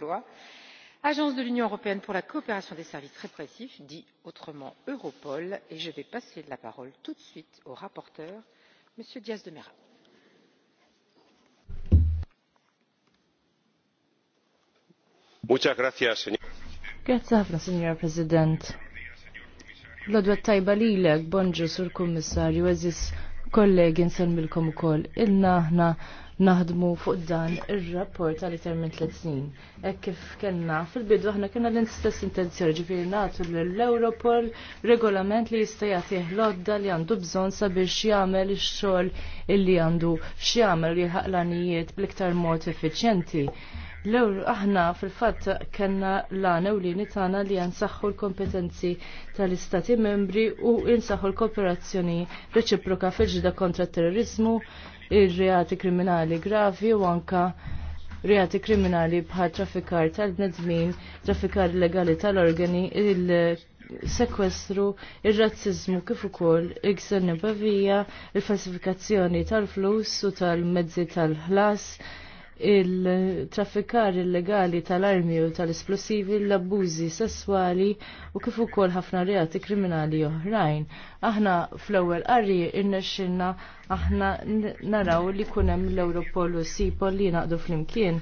gaulois agence de l'union européenne pour la coopération des services répressifs dit autrement europol et je vais passer la parole tout de suite au rapporteur m. diaz de mera. Grazie ħafna, Signor President. L-odwa tajba lilek, bonġu sur kummissarju, eżis kollegi nsemmilkom ukoll. Inna aħna naħdmu fuq dan ir-rapport għal iktar minn tliet snin. Ek kif kellna fil-bidu aħna kellna l-istess intenzjoni ġifieri nagħtu lill-Europol regolament li jista' jagħtih lodda li għandu bżonn sabiex jagħmel ix-xogħol illi għandu x'jamel li ħaqlanijiet bl-iktar mod effiċjenti. l ewru aħna fil-fatt kena l-għana u li nitana li nsaħħu l-kompetenzi tal-Istati membri u nsaħħu l-kooperazzjoni reċiproka fil-ġida kontra terrorizmu, ir-reati kriminali gravi u anka reati kriminali bħal traffikar tal-bnedmin, traffikar illegali tal-organi, il-sekwestru, il-razzizmu kif ukoll il ksenni bavija, il-falsifikazzjoni tal-flus u tal-mezzi tal-ħlas, il-traffikar illegali tal-armi u tal-esplosivi, l-abbużi sessuali u kif ukoll ħafna reati kriminali oħrajn. Aħna fl-ewwel qari innexxinna aħna naraw li kunem hemm l-Europol u Sipol li jnaqdu flimkien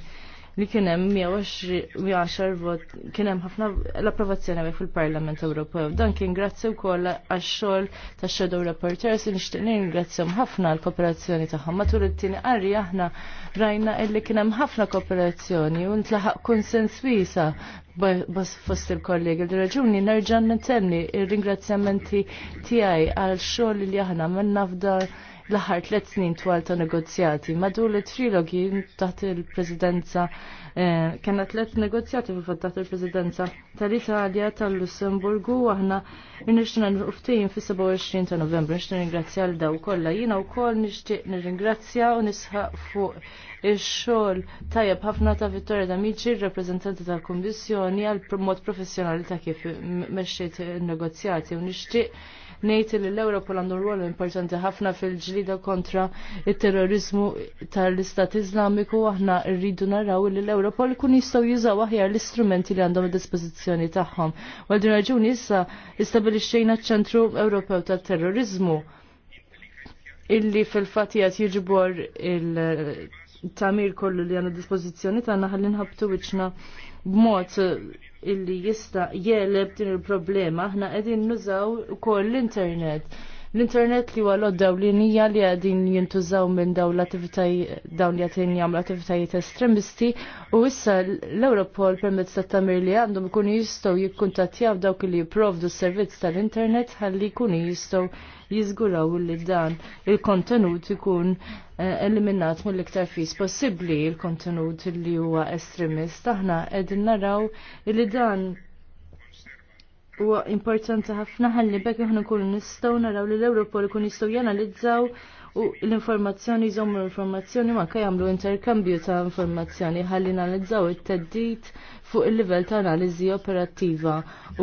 li kien hemm 110 vot kien hemm ħafna l-approvazzjoni għaj fil-Parlament Ewropew. Dan kien grazzi wkoll għax-xogħol tax Shadow Reporters li nixtieq ningrazzjahom ħafna għall kooperazzjoni tagħhom. Matul it-tieni qari aħna rajna illi kien hemm ħafna kooperazzjoni u ntlaħaq konsens wisa bas fost il-kollegi il raġuni nerġan nintemni il-ringrazzjamenti tiegħi għal xogħol li aħna minn nafdar l-aħħar tliet snin twal ta' negozjati. madul li trilogi taħt il-Presidenza eh, kena tliet negozjati fil taħt il-Presidenza tal-Italja, tal-Lussemburgu, aħna nixtina nruftijin fi 27 ta' novembru, nixtina ringrazzja l-daw kolla. Jina u koll nixtieq nirringrazzja u nisħaq fuq ix-xogħol tajjeb ħafna ta' Vittoria Damici, rappreżentanti tal-Kummissjoni għal mod professjonali ta' kif mexxiet in negozjati u nixtieq Nejti li l-Ewropol għandu rwol importanti ħafna fil-ġlida kontra il terrorizmu tal-Istat Islamiku aħna rridu naraw li l-Ewropol kun jistgħu jużaw aħjar l-istrumenti li għandhom id dispozizjoni tagħhom. Għaldin din raġuni issa istabilixxejna ċ-Ċentru Ewropew tat-Terrorizmu illi fil-fatijat jiġbor il-tamir kollu li għanna dispozizjoni ta' naħallin ħabtu wiċna b'mod illi jista' jeleb din il-problema. Aħna qegħdin nużaw ukoll l-internet L-internet li huwa l-odda li nija għadin jintużaw minn daw l-attivitajiet dawn li għadin jagħmlu attivitajiet estremisti u issa l-Europol permezz ta' tamir li għandhom ikunu jistgħu jikkuntattjaw dawk li jipprovdu s-servizz tal-internet ħalli jkunu jistgħu jiżguraw li dan il-kontenut ikun eh, eliminat mill-iktar fis possibbli il-kontenut li huwa estremist. Aħna qegħdin naraw li dan u importanti ħafna ħalli bekk aħna nkunu nistgħu naraw li l-Ewropol ikun jistgħu janalizzaw u l-informazzjoni jżommu l-informazzjoni ma kaj jagħmlu interkambju ta' informazzjoni ħalli analizzaw it-teddit fuq il-livell ta' analiżi operattiva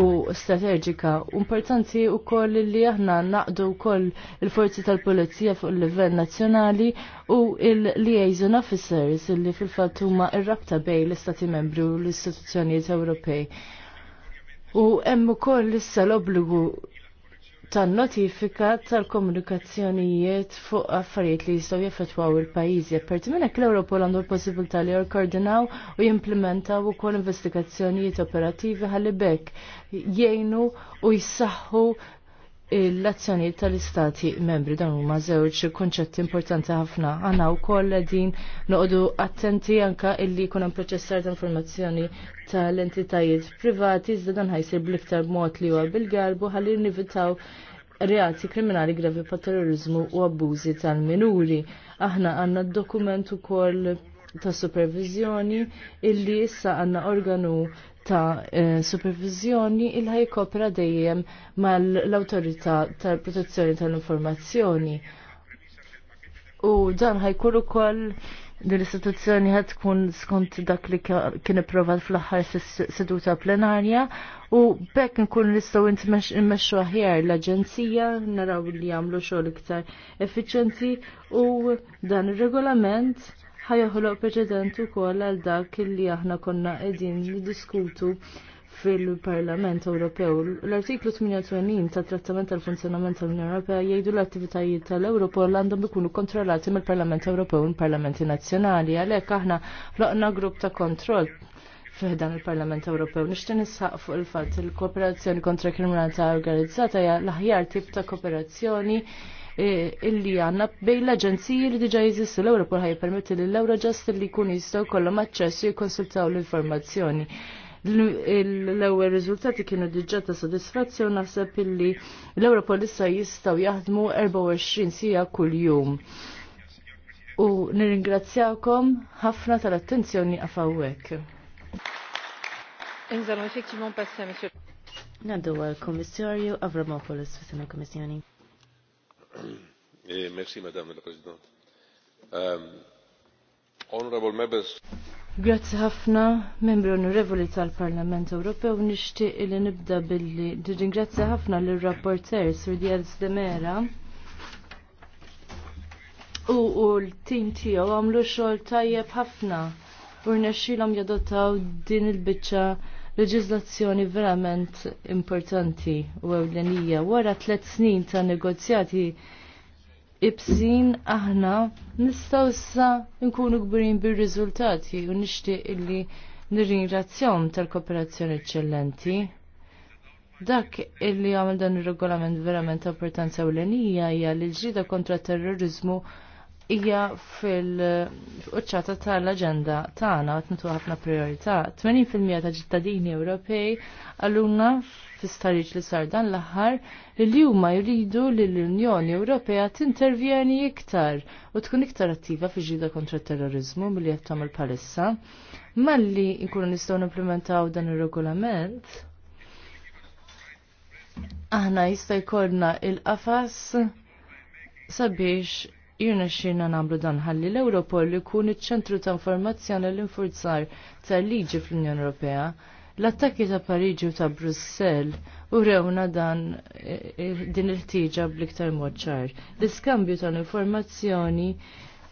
u strateġika. Importanti wkoll li aħna naqdu wkoll il-forzi tal-pulizija fuq il-livell nazzjonali u il-liaison officers li fil-fatt huma r-rabta bej l-istati membri u l-istituzzjonijiet Ewropej u hemm ukoll issa l-obbligu tan-notifika tal-komunikazzjonijiet fuq affarijiet li jistgħu jaffettwaw il-pajjiżi. Apparti minn hekk l-Ewropol għandu l-possibilità li jorkordinaw u jimplementaw ukoll investigazzjonijiet operattivi ħalli bekk jgħinu u jsaħħu l-azzjoni tal-istati membri dan huma żewġ konċetti importanti ħafna. Għana wkoll din noqogħdu attenti anka illi jkun hemm proċessar ta' informazzjoni tal-entitajiet privati iżda dan ħajsir bl-iktar mod li huwa bil-garbu ħalli nivitaw reati kriminali gravi pa' terrorizmu u abbużi tal-minuri. Aħna għandna dokument ukoll ta' supervizjoni illi issa għanna organu ta' eh, supervizjoni il kopra dejjem mal autorita tal-protezzjoni tal-informazzjoni. U dan ħajkun ukoll l-istituzzjoni ħad tkun skont dak li kien ipprovat fl-aħħar seduta plenarja u bekk nkun nistgħu nmexxu aħjar l-aġenzija naraw li jagħmlu xogħol iktar effiċjenti u dan ir-regolament ħajħoloq preċedent ukoll għal dak li aħna konna qegħdin niddiskutu fil-Parlament Ewropew. L-artiklu 28 tat trattament tal-funzjonament tal-Unjoni Ewropea jgħidu l-attivitajiet tal ewropol għandhom ikunu kontrollati mill-Parlament Ewropew u l-Parlamenti Nazzjonali. Għalhekk aħna loqna grupp ta' kontroll f'dan il-Parlament Ewropew. Nixtieq nisħaq fuq il-fatt il-kooperazzjoni kontra kriminalità organizzata hija l-aħjar tip ta' kooperazzjoni E, illi għanna bej l-aġenziji li diġa jizissu l-Europol ħaj permetti li l ġast li kun jistaw kollom aċċessu jikonsultaw l-informazzjoni. L-ewwel riżultati kienu diġà ta' sodisfazzjon naħseb illi l ewropol issa jistaw jaħdmu 24 sija kuljum. U nirringrazzjakom ħafna tal-attenzjoni għafawek. Nous allons effectivement passer à Monsieur. Naddu għal Avramopoulos fissina Kommissjoni. Eh, merci, Madame la Présidente. Um, honorable members. Grazzi ħafna, membri onorevoli tal-Parlament Ewropew, nixtieq li nibda billi ringrazzja ħafna lir rapporter Sir Diaz de Mera u l-tim tiegħu għamlu xogħol tajjeb ħafna u rnexxielhom jadottaw din il-biċċa Leġislazzjoni verament importanti u ewlenija. Wara tliet snin ta' negozjati ibsin aħna nistgħu issa nkunu gburin bir-riżultati u nixtieq illi nirringrazzjahom tal-kooperazzjoni eċċellenti. Dak illi għamil dan ir regolament verament importanza ewlenija hija li l-ġrida kontra terrorizmu hija fil uċċata tal-aġenda tagħna għat nitu ħafna priorità. 20% ta' ċittadini Ewropej għalluna fil starriġ li sar dan l-aħħar li huma jridu li l-Unjoni Ewropea intervjeni iktar u tkun iktar attiva fi ġida kontra terrorizmu milli qed tagħmel palissa. Malli jkunu nistgħu nimplementaw dan ir-regolament, aħna jista' jkollna il-qafas sabiex irna xirna namlu dan ħalli l-Europol li kun iċ-ċentru ta' informazzjoni l-infurzar tal-liġi fl-Unjoni Ewropea. L-attakki ta' Pariġi u ta' Brussell u rewna dan eh, eh, din il-ħtieġa bl-iktar moċċar. L-iskambju tal-informazzjoni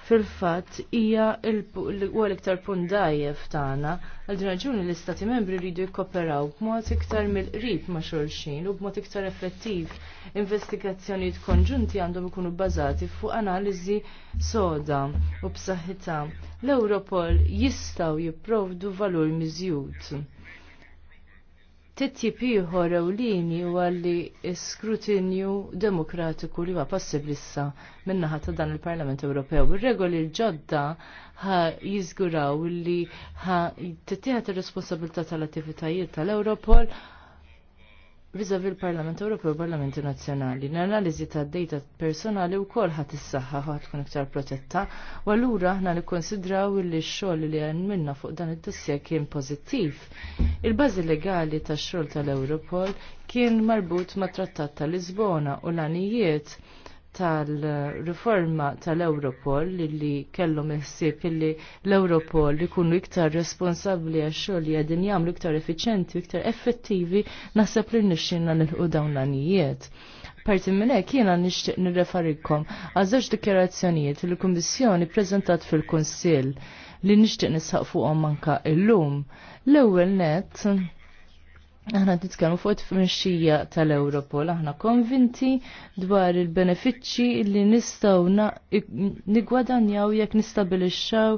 fil-fatt hija l-iktar pundajjef tagħna għal din raġuni l-istati membri rridu jikkoperaw b'mod iktar mill-qrib ma' xulxin u b'mod iktar effettiv. Investigazzjonijiet konġunti għandhom ikunu bbażati fuq analiżi soda u b'saħħitha. L-Europol jistgħu jipprovdu valur miżjud Tittjib ieħor ewlieni huwa li skrutinju demokratiku li huwa possibbli issa min-naħa ta' dan il-Parlament Ewropew. Ir-regoli l-ġodda ħa jiżguraw li ħa tittieħed ir-responsabilità tal-attivitajiet tal-Europol Rizavi l-Parlament Ewropew u Parlamenti Nazzjonali. L-analiżi ta' data personali wkoll ħadd s-saxħa ħat kun iktar protetta u allura aħna nikkonsidraw li x-xogħol li minna fuq dan id-dossier kien pożittiv. Il-bażi legali tax-xogħol tal-Europol kien marbut ma' Trattat tal Lisbona u l-anijiet tal-riforma tal-Europol li kellhom il li l-Europol li kunu iktar responsabbli għax-xogħol li qegħdin jagħmlu iktar efficienti, iktar effettivi, naħseb li nixinna nilħu dawn l Parti minn hekk jiena nixtieq nirreferikom għal żewġ dikjarazzjonijiet li l-Kummissjoni prezentat fil-Kunsill li nixtieq nisaq fuqhom il illum. L-ewwel net Aħna titkellmu fuq it-tmexxija tal ewropol aħna konvinti dwar il-benefiċċji li nistgħu nigwadanjaw jekk nistabilixxaw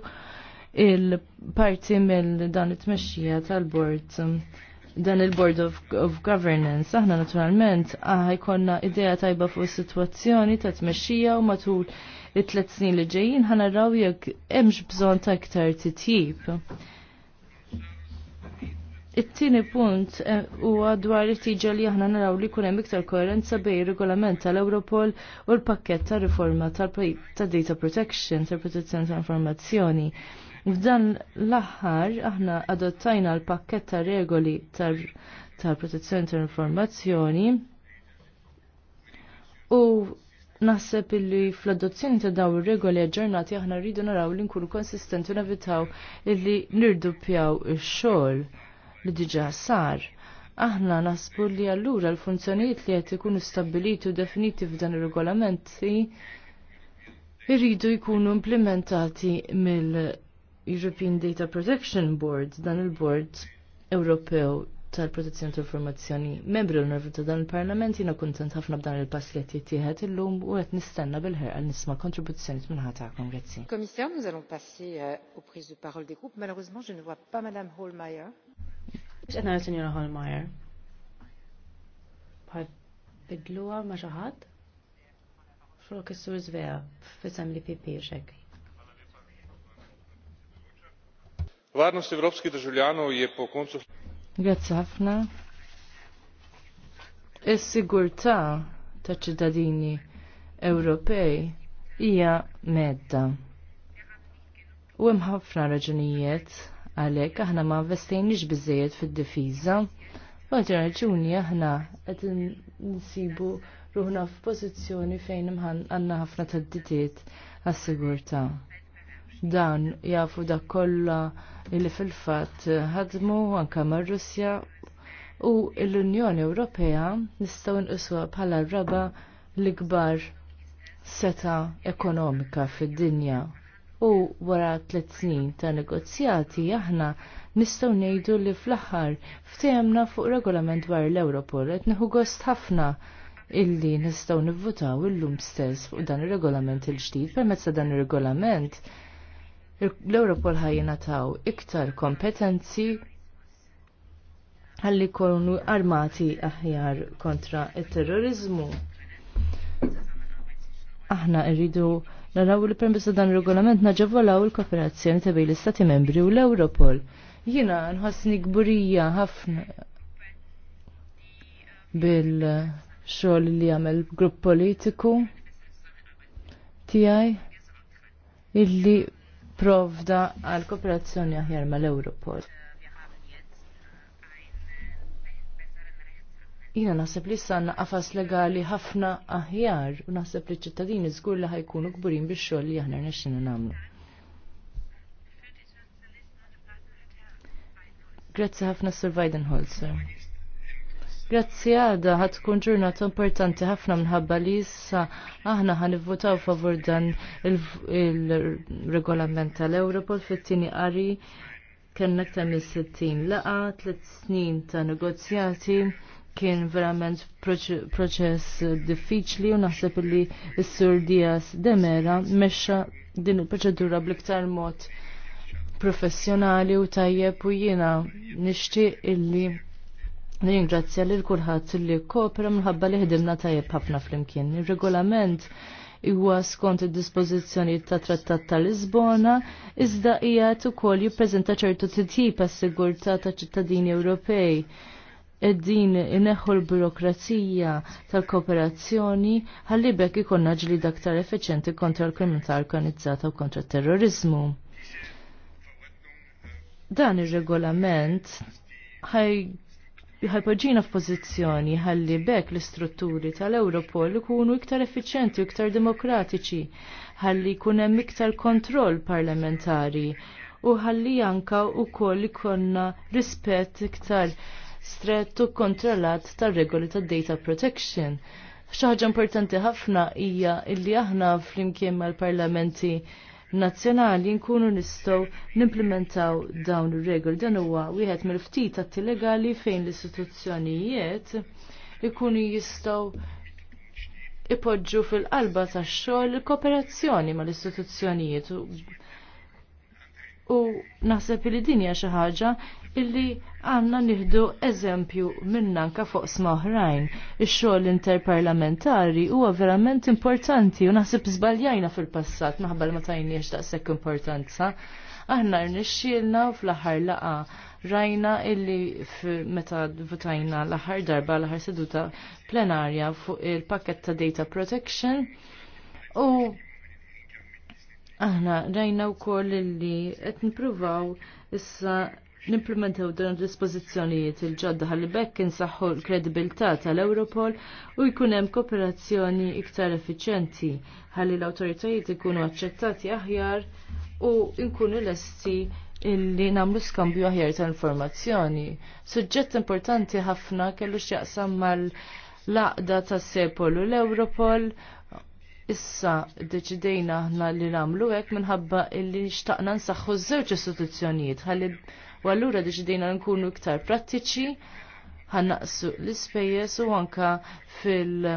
il-parti mill dan it-tmexxija tal-bord dan il-Board of, of Governance. Aħna naturalment aħna jkollna idea tajba fuq is-sitwazzjoni ta' tmexxija u matul it-tliet snin li ġejjin ħanaraw jekk hemmx bżonn ta' iktar titjib. It-tieni punt eh, huwa dwar it-tiġa li aħna naraw li kunem iktar koerenza bej regolament tal-Europol u l-pakket ta' riforma ta' data protection, ta' protezzjoni ta' informazzjoni. F'dan l-aħħar aħna adottajna l-pakket ta' regoli ta' protezzjoni ta' informazzjoni u Naħseb illi fl-adozzjoni ta' daw ir-regoli aġġornati aħna rridu naraw li nkunu konsistenti u navitaw illi nirduppjaw ix-xogħol. Il li diġa sar. Aħna nasbu li allura l-funzjonijiet li qed ikunu stabiliti u definiti f'dan ir-regolamenti irridu jkunu implementati mill-European Data Protection Board, dan il-Board Ewropew tal-protezzjoni tal-informazzjoni. Membri l-nervu ta' dan il-Parlament jina kontent ħafna b'dan il-pass li qed jittieħed illum u qed nistenna bil għal nisma' kontribuzzjoni minn ħatakom. Grazzi. Commissaire, nous allons passer euh, aux prises de parole des groupes. Malheureusement, je ne vois pas Madame Holmeyer. Biex għedna l-Senjora Holmeyer. Bħad bidluwa ma xaħat? Xolok s-sur zveja, fissam li pipi xek. Varnost evropskih državljanov je po koncu. Grazie ħafna. is sigurta ta' ċittadini Ewropej hija medda. U hemm ħafna raġunijiet Għalhekk aħna ma investejniex biżejjed fid-difiża. Għadġa raġuni aħna qed nsibu ruħna f'pożizzjoni fejn għandna ħafna taddidiet għas-sigurtà. Dan jafu dak kollha li fil-fatt ħadmu anke mar-Russja u l-Unjoni Ewropea nistgħu nqisuha bħala raba l-ikbar seta ekonomika fid-dinja u wara tliet snin ta' negozjati aħna nistgħu ngħidu li fl-aħħar ftehemna fuq regolament dwar l-Europol qed neħu gost ħafna illi nistgħu nivvutaw illum stess fuq dan ir-regolament il-ġdid permezz ta' dan ir-regolament l-Europol ħajjina taw iktar kompetenzi ħalli kollu armati aħjar kontra t terrorizmu Aħna rridu naraw li permessa dan regolament naġavolaw il-kooperazzjoni ta' bejn l-Istati membri u l-Europol. Jina nħossni gburija ħafna bil-xogħol li jagħmel grupp politiku tiegħi illi provda għal kooperazzjoni aħjar mal-Europol. Jina naħseb li sanna għafas legali ħafna aħjar u naħseb li ċittadini żgur li ħajkunu kburin biex xoll li aħna rnexxinu nagħmlu. Grazzi ħafna Sir Weidenholzer. Grazzi għada ħatkun ġurnata importanti ħafna minħabba li issa aħna ħanivvotaw favur dan il-regolament tal-Europol fit-tieni qari kellna ta' minn 60 laqa, 3 snin ta' negozjati kien verament proċess diffiċli u naħseb li s-sur Dias Demera mexxa din il-proċedura bliktar mod professjonali u tajjeb u jiena nixtieq illi ningrazzja lil kulħadd li kopra minħabba li ħdimna tajjeb ħafna flimkien. Ir-regolament huwa skont id-dispożizzjonijiet ta' Trattat ta' Lisbona, iżda qiegħed ukoll jippreżenta ċertu titjib għas-sigurtà ta' ċittadini Ewropej eddin ineħu l-burokrazija tal-kooperazzjoni ħalli bekk ikonna ġlida aktar effiċenti kontra l-kriminalità organizzata u kontra terrorizmu. Dan ir-regolament ħajpoġġina f'pożizzjoni ħalli bekk l-istrutturi tal-Europol ikunu iktar effiċenti u iktar demokratiċi ħalli jkun hemm iktar kontroll parlamentari u ħalli anka u koll ikonna rispett iktar Strett u kontrollat tar-regoli tad-data protection. Xaħġa importanti ħafna hija illi aħna flimkien mal-parlamenti nazzjonali nkunu nistgħu nimplementaw dawn ir-regoli. Dan huwa wieħed mill-ftit legali fejn l-istituzzjonijiet ikunu jistgħu ipoġġu fil-qalba tax-xogħol il-kooperazzjoni mal-istituzzjonijiet u naħseb li din hija xi ħaġa illi għanna nieħdu eżempju minnanka fuq smaħrajn. Ix-xogħol interparlamentari huwa verament importanti u naħseb żbaljajna fil-passat naħbel ma tajniex daqshekk importanza. Aħna rnexxielna u fl-aħħar laqa rajna illi meta votajna l-aħħar darba l-aħħar seduta plenarja fuq il-pakket ta' data protection u Aħna rajna wkoll li qed nippruvaw issa nimplementaw dan dispożizzjonijiet il-ġodda ħalli bekk insaħħu l-kredibilità tal-Europol u jkun hemm kooperazzjoni iktar effiċjenti ħalli l-awtoritajiet ikunu aċċettati aħjar u nkunu lesti illi nagħmlu skambju aħjar ta' informazzjoni. Suġġett importanti ħafna kellu x'jaqsam mal-laqda ta' sepol u l-Europol Issa deċidejna aħna li nagħmlu hekk minħabba illi xtaqna nsaħħu żewġ istituzzjonijiet ħalli u allura deċidejna nkunu iktar prattiċi ħannaqsu l-ispejjeż u anka fil-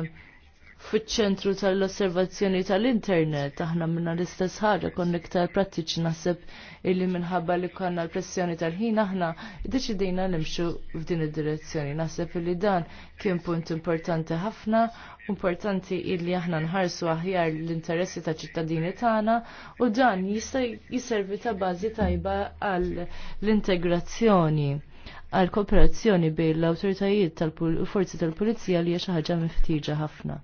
fiċ-ċentru tal-osservazzjoni tal-internet, aħna minna l-istess ħaġa kon iktar prattiċi naħseb illi minħabba li konna l-pressjoni tal-ħin aħna deċidejna nimxu f'din id-direzzjoni. Naħseb illi dan kien punt importanti ħafna, importanti illi aħna nħarsu aħjar l-interessi ta' ċittadini tagħna u dan jista' jiservi ta' bażi tajba għal l-integrazzjoni għal kooperazzjoni bejn l-awtoritajiet tal-forzi tal-pulizija li hija xi ħaġa miftiġa ħafna.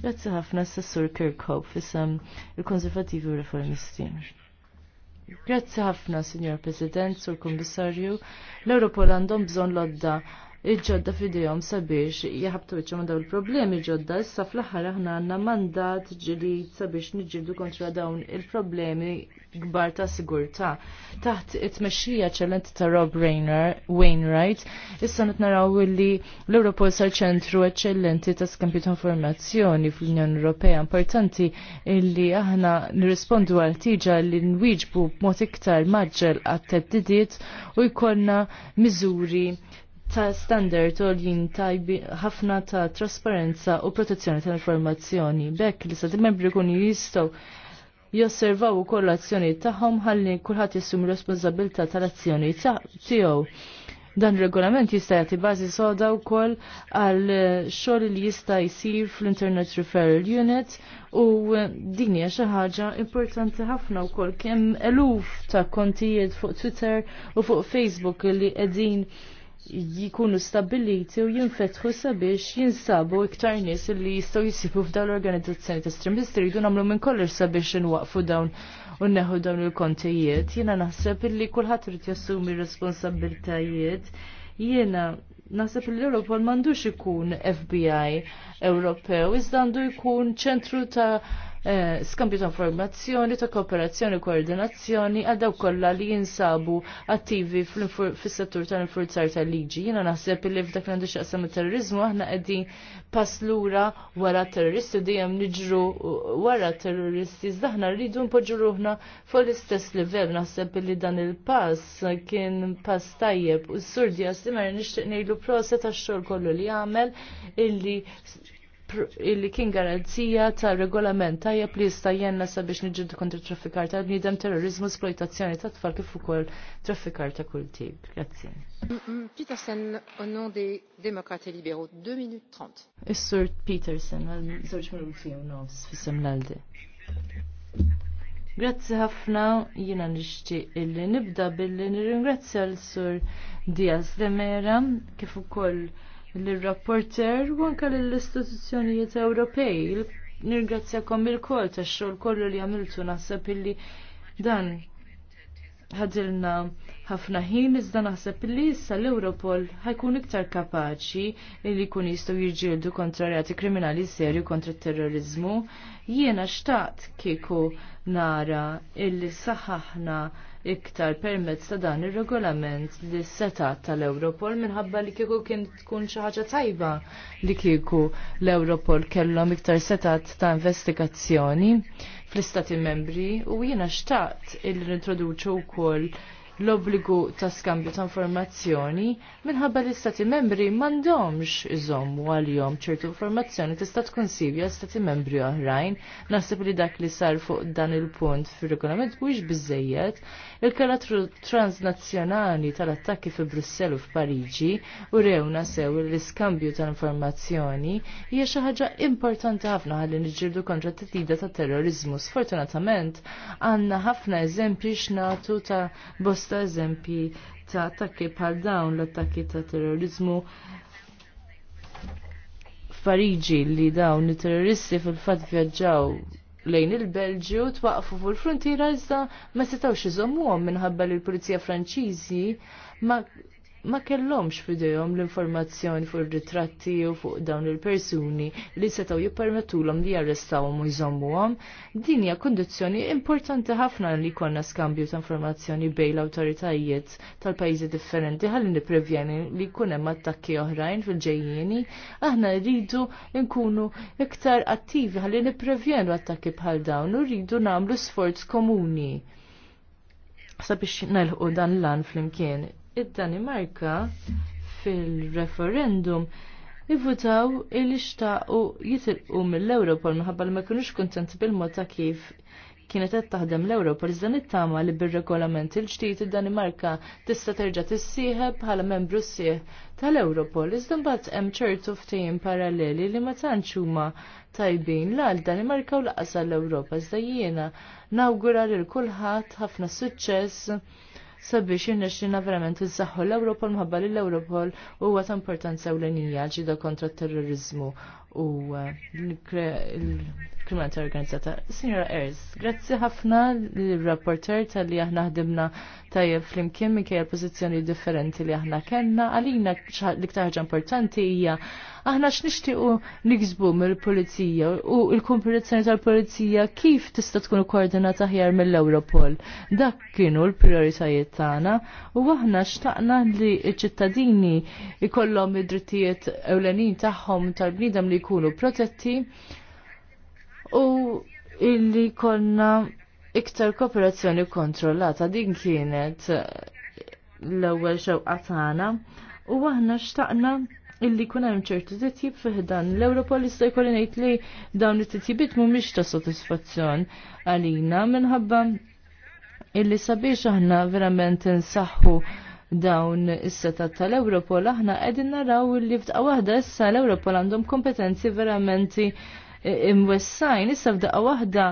Grazzi ħafna s-sur Kirkhope fissam il-Konservativi u Reformisti. Grazzi ħafna, Signor President, Sur Kommissarju. L-Europol għandhom bżon lodda il-ġodda fidejhom sabiex jaħabtu ma dawn il-problemi ġodda issa fl-aħħar aħna għandna mandat ġili sabiex nġildu kontra dawn il-problemi kbar ta' sigurtà. Taħt it-tmexxija ċellenti ta' Rob Rainer, Wainwright, issa qed naraw li l-Europol sar ċentru eċċellenti ta' skampi ta' informazzjoni fl-Unjoni Ewropea. Importanti illi aħna nirrispondu għal tiġa li nwieġbu b'mod iktar maġġel għat-teddidiet u jkollna miżuri ta' standard u li jintajbi ħafna ta' trasparenza u protezzjoni ta' informazzjoni. Bekk li sa' membri kun jistaw josservaw u kollazzjoni tagħhom ħalli kulħadd jessum responsabilta tal-azzjoni tiegħu dan regolament jista' jagħti bażi soda wkoll għal xogħol li jista' jsir fl-Internet Referral Unit u din hija xi ħaġa importanti ħafna wkoll kemm eluf ta' kontijiet fuq Twitter u fuq Facebook li qegħdin jikunu stabiliti u jinfetħu sabiex jinsabu iktar nies li jistgħu jisibu f'dawn l-organizzazzjoni estremisti rridu nagħmlu minn kollox sabiex inwaqfu dawn u neħu dawn il-kontijiet. Jiena naħseb illi kulħadd irid jassumi responsabiltajiet. Jiena naħseb li l-Europol m'għandux ikun FBI Ewropew, iżda għandu jkun ċentru ta' Eh, skambju ta' informazzjoni, ta' kooperazzjoni u koordinazzjoni għaddaw kolla li jinsabu attivi fis-settur tal-infurzar tal-liġi. Jiena naħseb li f'dak li għandu x'aqsam terrorizmu aħna qegħdin pass lura wara terroristi dejjem niġru wara terroristi iżda aħna rridu npoġu ruħna fuq l-istess livell naħseb li dan il-pass kien pass tajjeb u s-surdja stimer nixtieq ngħidu proset għax-xogħol kollu li għamel illi illi kien garanzija ta' regolament tajjeb li jista' jenna sabiex niġġieldu kontra traffikar ta' bniedem terrorizmu esploitazzjoni ta' tfal kif ukoll traffikar ta' kull tip. Grazzi. Mm, mm, Peterson au nom des démocrates et libéraux 2 minutes 30. Is-Sur Petersen għal żewġ minuti u nofs fis l-aldi. Grazzi ħafna jiena nixtieq illi nibda billi nirringrazzja l-Sur Diaz Lemera kif ukoll l-rapporter u anka l-istituzzjonijiet Ewropej. Nirgrazzjakom il-kol ta' xogħol kollu li għamiltu naħseb illi dan ħadilna ħafna ħin iżda naħseb illi issa l-Europol ħajkun iktar kapaċi li jkun jistgħu jiġġieldu kontra reati kriminali serju kontra t terrorizmu. Jiena xtaqt kieku nara illi saħaħna iktar permezz ta' dan ir-regolament li seta tal-Europol minħabba li kieku kien tkun xi ħaġa tajba li kieku l-Europol kellhom iktar setat ta' investigazzjoni fl-istati membri u jiena xtaqt il-introduċu wkoll l-obbligu ta' skambju ta' informazzjoni minħabba li stati membri mandomx iżommu għal-jom ċertu informazzjoni tista' tkun sivja stati membri oħrajn. Naħseb li dak li sar fuq dan il-punt fir regolament mhuwiex biżejjed Il-karattru transnazjonali tal-attakki fi Brussell u f'Pariġi u rewna sew l-iskambju ta' informazzjoni hija xi ħaġa importanti ħafna ħalli niġġieldu kontra t-tida ta' terrorizmu. Sfortunatament għandna ħafna eżempji x'natu ta' bosta eżempji ta' attakki bħal dawn l-attakki ta' terrorizmu f'Pariġi li dawn it-terroristi fil-fatt vjaġġaw lejn il-Belġju twaqfu fuq il-frontiera iżda ma setgħux iżommuhom minħabba li l-Pulizija Franċiżi ma ma kellhomx f'idejhom l-informazzjoni fuq ir-ritratti u fuq dawn il-persuni li setgħu jippermettulhom li jarrestawhom u jżommuhom. Din hija kondizzjoni importanti ħafna li jkollna skambju ta' informazzjoni bejn l-awtoritajiet tal-pajjiżi differenti ħalli nipprevjeni li jkun hemm attakki oħrajn fil-ġejjieni. Aħna rridu nkunu iktar attivi ħalli nipprevjenu attakki bħal dawn u rridu nagħmlu sforz komuni sabiex nelħu dan l-an fl-imkien id-Danimarka fil-referendum ivvutaw il xtaqu jitilqu mill ewropol minħabba li ma kienux kuntenti bil-mod ta' kif kienet qed taħdem l-Europol iżda nittama li bir-regolament il-ġdid id-Danimarka tista' terġa' tissieħeb bħala membru sieħ tal ewropol iżda mbagħad hemm ċertu ftehim paralleli li ma tantx huma tajbin la l-Danimarka u laqas l-Ewropa iżda jiena nawgura lil kulħadd ħafna suċċess sabiex jirnexxina verament iżaħħu l-Ewropol mħabba li l-Ewropol huwa ta' importanza ewlenija ġida kontra t terrorizmu u eh, kriminalità organizzata. Signora Erz, grazzi ħafna l-rapporter tal-li aħna ħdimna tajjeb flimkien minn kejja pożizzjoni differenti li aħna kellna. Għalina l-iktar ħaġa importanti hija aħna x'nixtiequ niksbu mill-pulizija u l-kompetizzjoni tal-pulizija kif tista' tkun koordinata aħjar mill ewropol Dak kienu l-prijoritajiet tagħna u aħna xtaqna li ċ-ċittadini ikollhom id-drittijiet ewlenin tagħhom tal-bniedem li jkunu protetti u illi konna iktar kooperazzjoni kontrollata din kienet eh, l-ewwel xewqa tagħna u aħna xtaqna illi kun hemm ċertu titjib fih dan. L-Europol jista' jkolli ngħid li dawn it-titjibiet mhumiex ta' sodisfazzjon għalina minħabba illi sabiex aħna verament insaħħu dawn is-seta tal-Europol aħna qegħdin naraw li f'daqqa waħda issa l-Europol għandhom kompetenzi veramenti imwessajn, issa f'daqqa waħda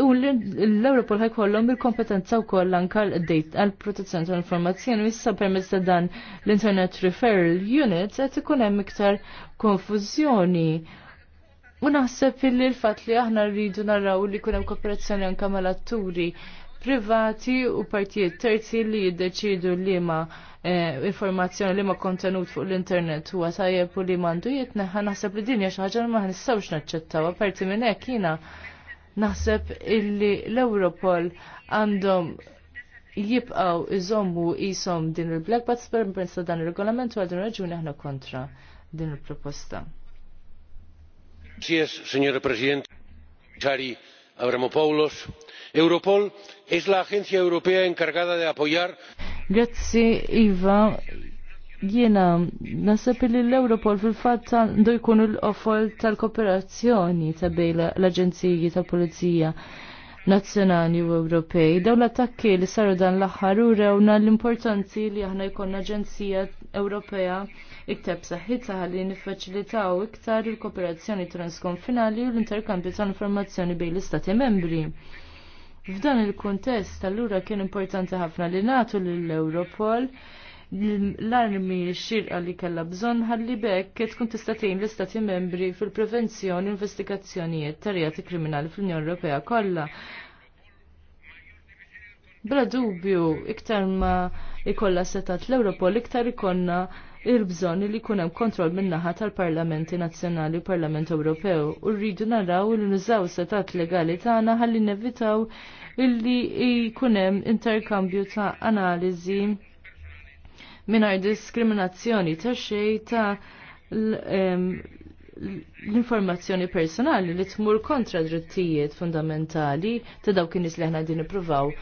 U l-Europol ħaj kollom il-kompetenza u koll anka l-dejt għal-protezzjoni tal-informazzjoni issa permezz ta' dan l-Internet Referral Unit qed ikun hemm iktar konfużjoni. U naħseb illi l-fatt li aħna rridu naraw li kun hemm kooperazzjoni anke mal-atturi privati u partijiet terzi li jiddeċidu li ma Eh, informazzjoni li ma kontenut fuq l-internet huwa tajjeb u li mandu jitneħħa naħseb li dinja xi ħaġa ma nistgħux naċċettaw apparti minn hekk jiena naħseb illi l-Europol għandhom jibqaw iżommu jisom din il-Black Box ta' dan il-regolament u għadin raġuni aħna kontra din il-proposta. Gracias, señora Presidente, comisario Abramopoulos. Europol es la agencia europea encargada de apoyar Grazzi, Iva. Jiena, nasab li l-Europol fil-fat għandu jkun l offol tal-kooperazzjoni ta' bejn l-Aġenziji tal-Polizija nazzjonali u Ewropej. Daw l-attakki li saru dan l-aħħar u rewna l-importanti li aħna jkollna Aġenzija Ewropea ikteb saħħitha ħalli niffaċilitaw iktar il-kooperazzjoni transkonfinali u l-interkambju ta' informazzjoni bejn l-Istati membri. F'dan il-kuntest allura kien importanti ħafna li natu lill-Europol l-armi xirqa li kalla bżon ħalli bekk tkun tista' tgħin l-istati membri fil-prevenzjoni u investigazzjonijiet ta' kriminali fl-Unjoni Ewropea kollha. Bla dubju, iktar ma ikolla setat l-Europol, iktar ikonna il-bżonn li jkun hemm kontroll min-naħa tal-Parlamenti Nazzjonali u Parlament Ewropew u rridu naraw li nużaw setat legali tagħna ħalli nevitaw illi jkun hemm interkambju ta' analiżi mingħajr diskriminazzjoni ta' xejn ta' l-informazzjoni personali li tmur kontra drittijiet fundamentali ta' dawk in-nies li ħna din ippruvaw.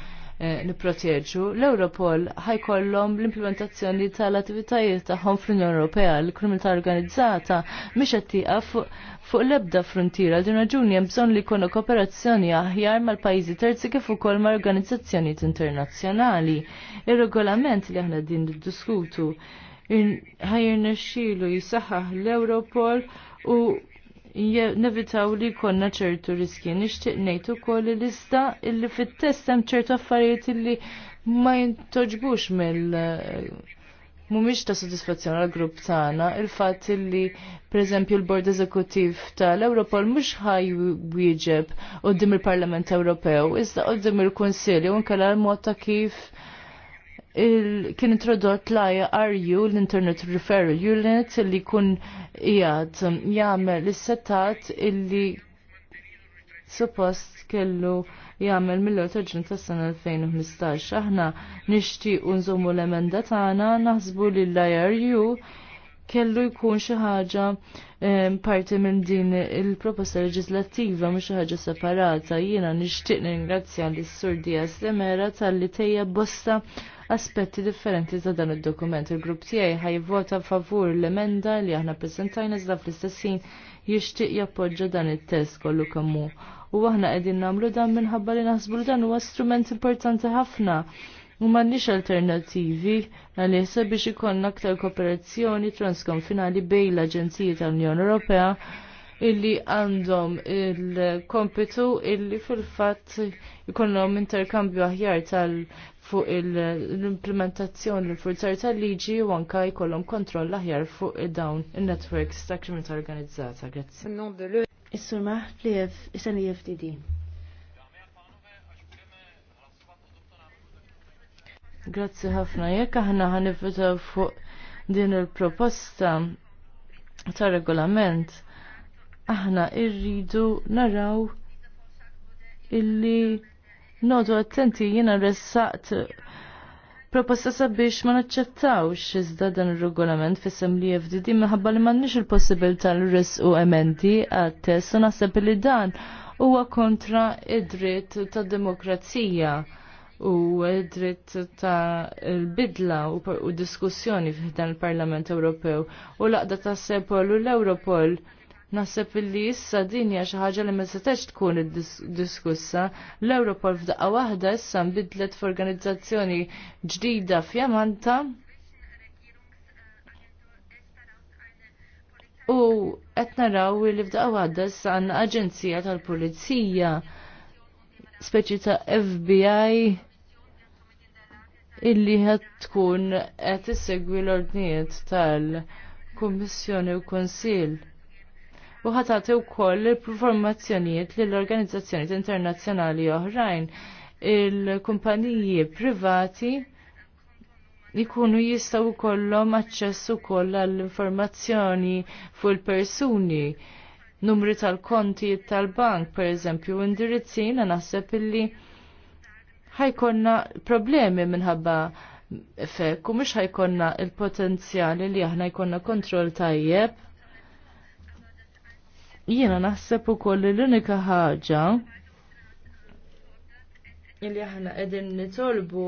Eh, niproteġu, l-Europol ħajkollhom l-implementazzjoni tal-attivitajiet tagħhom fl-Unjoni Ewropea l-kriminalità organizzata mhix qed tieqaf fuq l-ebda frontiera din raġuni hemm bżonn li jkunu kooperazzjoni aħjar mal-pajjiżi terzi kif ukoll ma' organizzazzjonijiet internazzjonali. Ir-regolament li aħna din niddiskutu ħajr nexxielu jisaħħaħ l-Europol u nevitaw li konna ċertu riski. Nishtiq nejtu kol l-lista illi fit-test hemm ċertu affarijiet illi ma jintoġbux mill mumiex ta' sodisfazzjon għal grupp tagħna il-fatt illi pereżempju l-Bord Eżekuttiv tal-Europol mhux ħaj wieġeb quddiem il-Parlament Ewropew, iżda quddiem il kunsilli u nkella l-mod ta' kif kien introdott l-IRU, l-Internet Referral Unit, li kun jgħad jgħamil l-settat illi suppost kellu jagħmel mill-otoġun tas sena 2015. Aħna nixtieq nżommu l-emenda tagħna naħsbu li l-IRU kellu jkun xi ħaġa eh, parti minn din il-proposta leġislattiva mhux xi ħaġa separata. Jiena nixtieq ningrazzja lis sur Diaz Demera talli tejja bosta aspetti differenti ta' dan id-dokument. Il-grupp tiegħi ħajvota favur l-emenda li aħna preżentajna żda fl-istessin jixtieq jappoġġa dan it-test kollu kemmu. U aħna qegħdin nagħmlu dan minħabba li naħsbu li dan huwa strument importanti ħafna u mannix alternativi għalissa biex ikon aktar kooperazzjoni transkonfinali bej l-Aġenziji tal-Unjoni Ewropea illi għandhom il-kompitu illi fil-fatt ikollhom interkambju aħjar fuq l-implementazzjoni l-forzar tal-liġi u anka jkollhom kontroll aħjar fuq dawn in-networks ta' kriminalità organizzata. Grazzi. Is-sur Maħfliev isani e FDD. Grazzi ħafna. Jekk aħna ħanifitaw fuq din il-proposta ta' regolament, aħna irridu naraw illi nodu attenti jiena ressaqt proposta sabiex ma naċċettawx iżda dan ir-regolament fis li FDD minħabba li m'għandniex il-possibilità l u emendi għat-test u naħseb li dan huwa kontra id-dritt tad-demokrazija u id dritt ta' l-bidla u diskussjoni dan il-Parlament Ewropew u laqda ta' Sepol u l-Europol Naħseb illi issa din hija xi ħaġa li ma setax tkun iddiskussa. L-Europol f'daqqa waħda issa nbidlet f'organizzazzjoni ġdida f'Jamanta. U qed naraw li f'daqqa waħda issa għandna aġenzija tal-pulizija speċi ta' FBI illi qed tkun qed issegwi l-ordnijiet tal-Kummissjoni u Konsil u ħatati wkoll informazzjonijiet lill organizzazzjonijiet internazzjonali oħrajn il-kumpaniji privati jikunu jistaw kollom aċċess ukoll għall-informazzjoni fuq il-persuni numri tal-konti tal-bank, per eżempju, indirizzina naħseb illi ħajkonna problemi minħabba effekku u mhux ħajkonna il-potenzjali li aħna jkonna kontroll tajjeb jiena naħseb ukoll l-unika ħaġa li aħna qegħdin nitolbu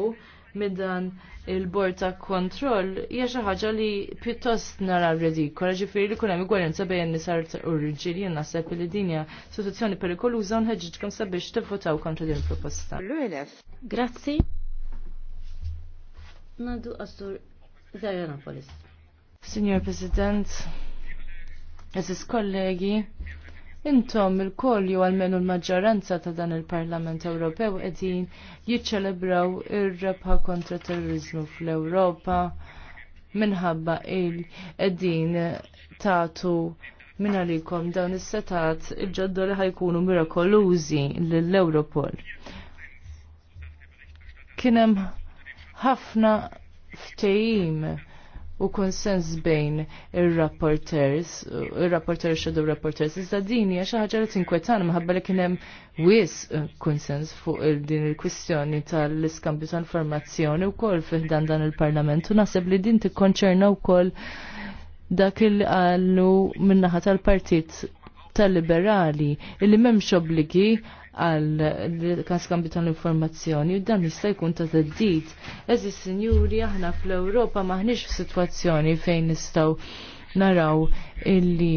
minn dan il-bord ta' kontroll hija xi ħaġa li pjuttost nara ridikola ġifieri li kun hemm igwarjanza bejn nisar u l-irġiel jien naħseb li din hija sitwazzjoni perikoluża u nħeġġitkom sabiex tivvotaw kontra din il-proposta. Grazzi. Nadu qasur Zarianopolis. Signor President, Eżis kollegi, intom il-koll jew għalmenu l-maġġoranza ta' dan il-Parlament Ewropew qegħdin jiċċelebraw ir-rebħa kontra terrorizmu fl-Ewropa minħabba il qegħdin tatu minn għalikom dawn is-setat il-ġodda li ħajkunu mirakoluzi l-Europol. Kienem ħafna ftejim u konsens bejn ir-rapporters, ir-rapporters xedu rapporters, iżda din hija xi ħaġa li tinkwetan minħabba li kien hemm eh, konsens fuq din il-kwistjoni tal-iskambju ta' informazzjoni wkoll fih dan dan il-Parlament u naħseb li din tikkonċerna wkoll dak il għallu minnaħat tal-Partit tal-Liberali illi m'hemmx obbligi għal kaskambju tal-informazzjoni u dan jista' jkun ta' teddid. Eżis sinjuri aħna fl-Ewropa maħniex f'sitwazzjoni fejn nistgħu naraw illi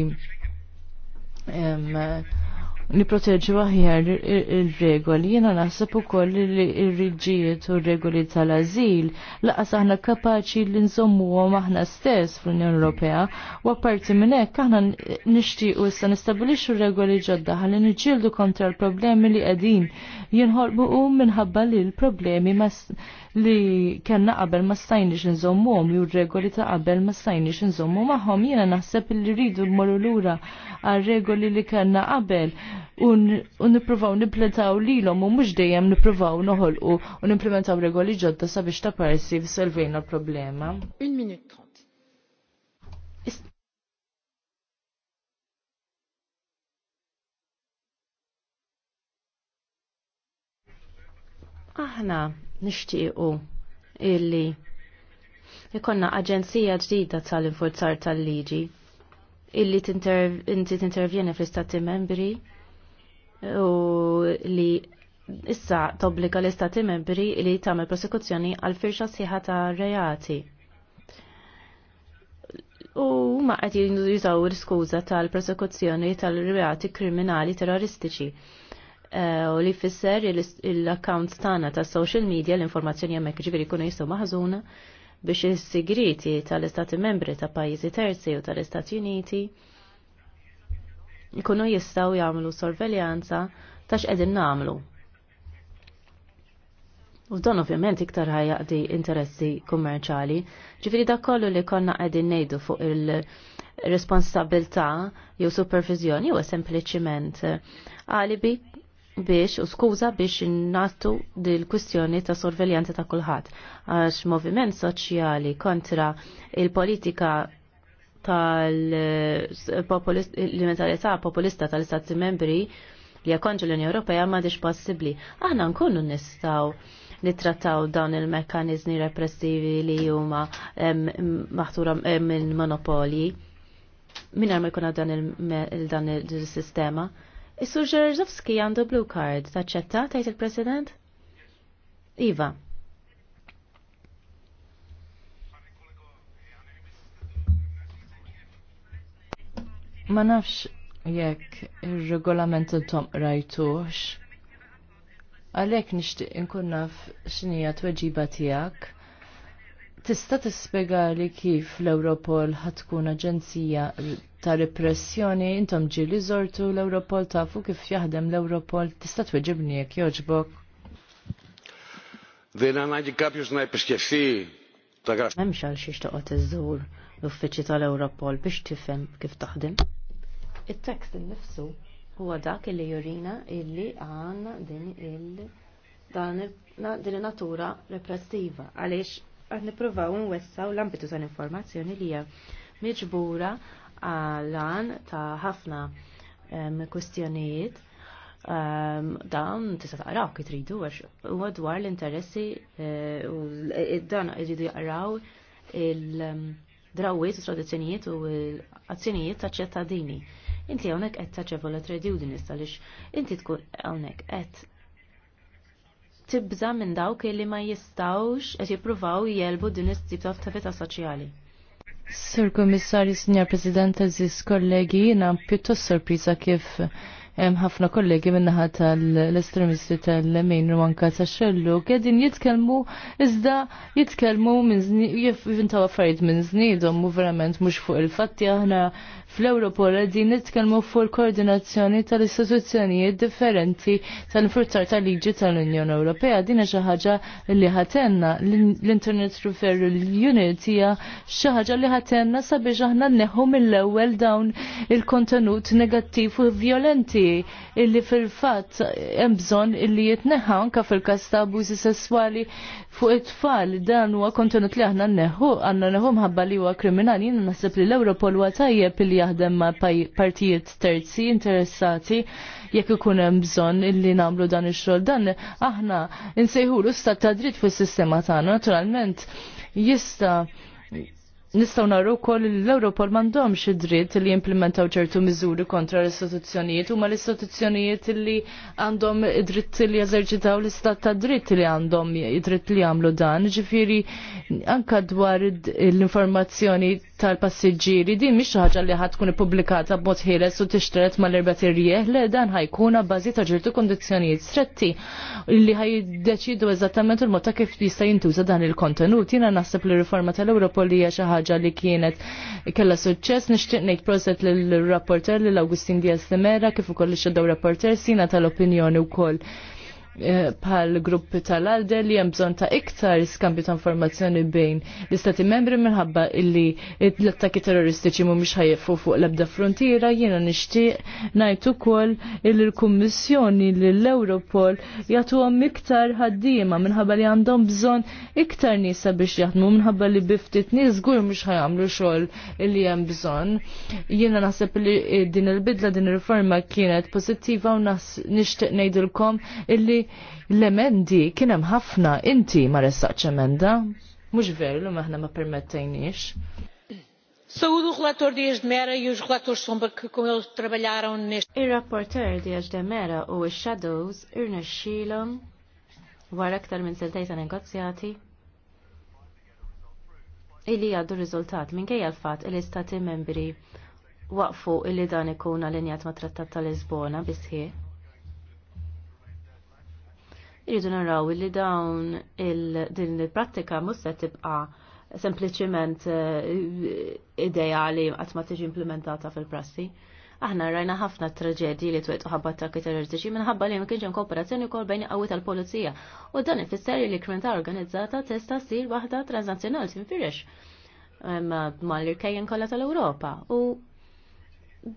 niproteġu aħjar il-regoli. Jena naħseb ukoll li ir-riġijiet u r-regoli tal-azil laqas aħna kapaċi li nżommuhom aħna stess fl-Unjoni Ewropea u apparti minn hekk aħna nixtiequ issa nistabilixxu regoli ġodda għalli niġġieldu kontra l-problemi li qegħdin jinħolbu minħabba li l-problemi ma' li kellna qabel ma stajniex nżommuhom ju regoli ta' qabel ma stajniex nżommu magħhom jiena naħseb li rridu mmorru lura għal regoli li kellna qabel u nippruvaw l lilhom u mhux dejjem nippruvaw noħolqu u nimplementaw regoli ġodda sabiex ta' parsi f'solvejna l-problema. Un minut 30. Aħna nixtiequ illi ikonna aġenzija ġdida tal-infurzar tal-liġi illi inti tintervjeni fl-istati membri u li issa tobbliga l-istati membri li tagħmel prosekuzzjoni għal firxa siħa ta' reati. U ma qed jizaw l skuza tal-prosekuzzjoni tal-reati kriminali terroristiċi Eh, u li fisser l account tagħna ta' social media l-informazzjoni hemmhekk ġiviri kunu jistgħu maħżuna biex is-sigriti tal-Istati Membri ta' pajjiżi terzi u tal-Istati Uniti jkunu jistgħu jagħmlu sorveljanza ta' x'qegħdin nagħmlu. U dan ovvjament iktar ħajjaqdi interessi kummerċali. Ġifieri dak kollu li konna qegħdin ngħidu fuq il-responsabilità jew supervizjoni huwa sempliċement alibi biex, u skuza biex innatu dil-kwistjoni ta' sorveljanza ta' kulħadd. Għax moviment soċjali kontra il-politika tal-mentalità populista tal-istati membri li jakonġu l-Unjoni Ewropea m'għadix possibbli. Aħna nkunu nistgħu nittrattaw dawn il-mekkanizmi repressivi li huma maħtura minn monopoli minn ma jkun dan il-sistema. il sistema Is-Sur Ġerzowski għandu blue card, taċċetta tajt il-President? Iva. Ma nafx jekk ir-regolament intom rajtux. Għalhekk nixtieq inkun naf x'inhija tweġiba tiegħek Tista' tispjegali kif l-Europol ħatkun aġenzija ta' repressjoni intom ġili żortu l-Europol tafu kif jaħdem l-Europol tista' tweġibni jekk jogħġbok. Dejna ngħidi kapjus ngħid ta' graf. M'hemmx għal xiex toqgħod iżżur l-uffiċċju tal-Europol biex tifhem kif taħdem. It-tekst innifsu huwa dak li jurina illi għandna din il dan din natura repressiva għaliex għad niprovaw nwessaw l-ambitu tal-informazzjoni li hija miġbura għal-għan ta' ħafna kwestjonijiet dan tista' taqraw kif tridu għax huwa dwar l-interessi e, u dan jridu jaqraw il-drawiet u tradizzjonijiet u l-azzjonijiet ta' ċittadini. Inti hawnhekk qed taċevola trade issa għaliex inti tkun hawnhekk qed tibża minn dawk li ma jistawx qed jippruvaw jelbu din is-tip ta' attività soċjali. Sir Kummissarju, Sinjar President, Aziz kollegi, jina pjuttost sorpriża kif hemm ħafna kollegi minnaħa tal-estremisti tal-lemin u anka ta' xellu qegħdin jitkellmu iżda jitkellmu minn jiftaw affarijiet minn żniedhom u verament mhux fuq il-fatti aħna fl-Europol għedin nitkelmu fuq koordinazzjoni tal-istituzzjonijiet differenti tal-infurzar tal-liġi tal-Unjoni Ewropea. Din xi ħaġa li ħatenna l-Internet Referral Unit hija xi ħaġa li ħatenna sabiex aħna nneħħu mill-ewwel dawn il-kontenut negattiv u violenti illi fil-fatt hemm bżonn illi jitneħħa anke fil-każ ta' abbużi sesswali fuq it-tfal dan huwa kontenut li aħna nneħħu għandna neħu mħabba li huwa kriminali jiena naħseb li l ewropol huwa tajjeb li jaħdem ma' partijiet terzi interessati jekk ikun hemm bżonn illi nagħmlu dan ix-xogħol dan aħna insejħulu stat ta' dritt fis-sistema tagħna naturalment jista' Nistaw narru kol l-Europol mandomx id-dritt li implementaw ċertu miżuri kontra l-istituzzjonijiet u ma l-istituzzjonijiet li għandhom id-dritt li jeżerċitaw l-istat ta' dritt li għandhom id-dritt li għamlu dan. Ġifiri, anka dwar l-informazzjoni tal-passiġġieri din mhix ħaġa li ħadd tkun ippubblikata b'mod ħieles u tixtret mal-erba' tirjieħ le dan ħajkun bażi ta' ġirtu kondizzjonijiet stretti li ħajdeċidu eżattament il-mod ta' kif jista' jintuża dan il-kontenut. Jiena naħseb li riforma tal-Ewropol hija xi ħaġa li kienet kellha suċċess, nixtieq ngħid proset lill-rapporter lil Augustin Diaz Lemera kif ukoll ix-xedew rapporter sina tal-opinjoni wkoll Eh, pal gruppi tal-alde li hemm bżonn ta' iktar skambju ta' informazzjoni bejn l-istati membri minħabba illi l-attakki terroristiċi mhumiex ħajjefu fuq l-ebda frontiera jiena nixtieq ngħid ukoll illi l-Kummissjoni lill europol jagħtuhom iktar ħaddiema minħabba li għandhom bżonn iktar nisa biex jaħdmu minħabba li biftit nis żgur mhux ħajamlu xogħol illi hemm bżonn. Jiena naħseb li din il-bidla din il riforma kienet pozittiva u nixtieq ngħidilkom illi l-emendi kienem ħafna inti ma ressaqċ emenda, mux veru li maħna ma permettejniex. Saúdo o relator Dias de Mera ju e os relatores Sombra que com eles trabalharam Ir-rapporter di ġdmera Mera u il shadows xilom wara aktar minn siltej ta' negozjati illi għaddu riżultat minkejja l-fatt li stati membri waqfu illi dan ikun l-injat ma' trattat tal Lisbona bisħieq Irridu naraw li dawn il-din il-prattika mhux se tibqa' sempliċiment eh, ideali qatt ma tiġi implementata fil-prassi. Aħna rajna ħafna traġedji li twettqu ħabba attakki terroristiċi minħabba li ma kooperazzjoni wkoll bejn għawit tal-pulizija u dan ifisser li kriminalità organizzata tista' ssir waħda transnazzjonali ma mal-irkejjen kollha tal-Ewropa u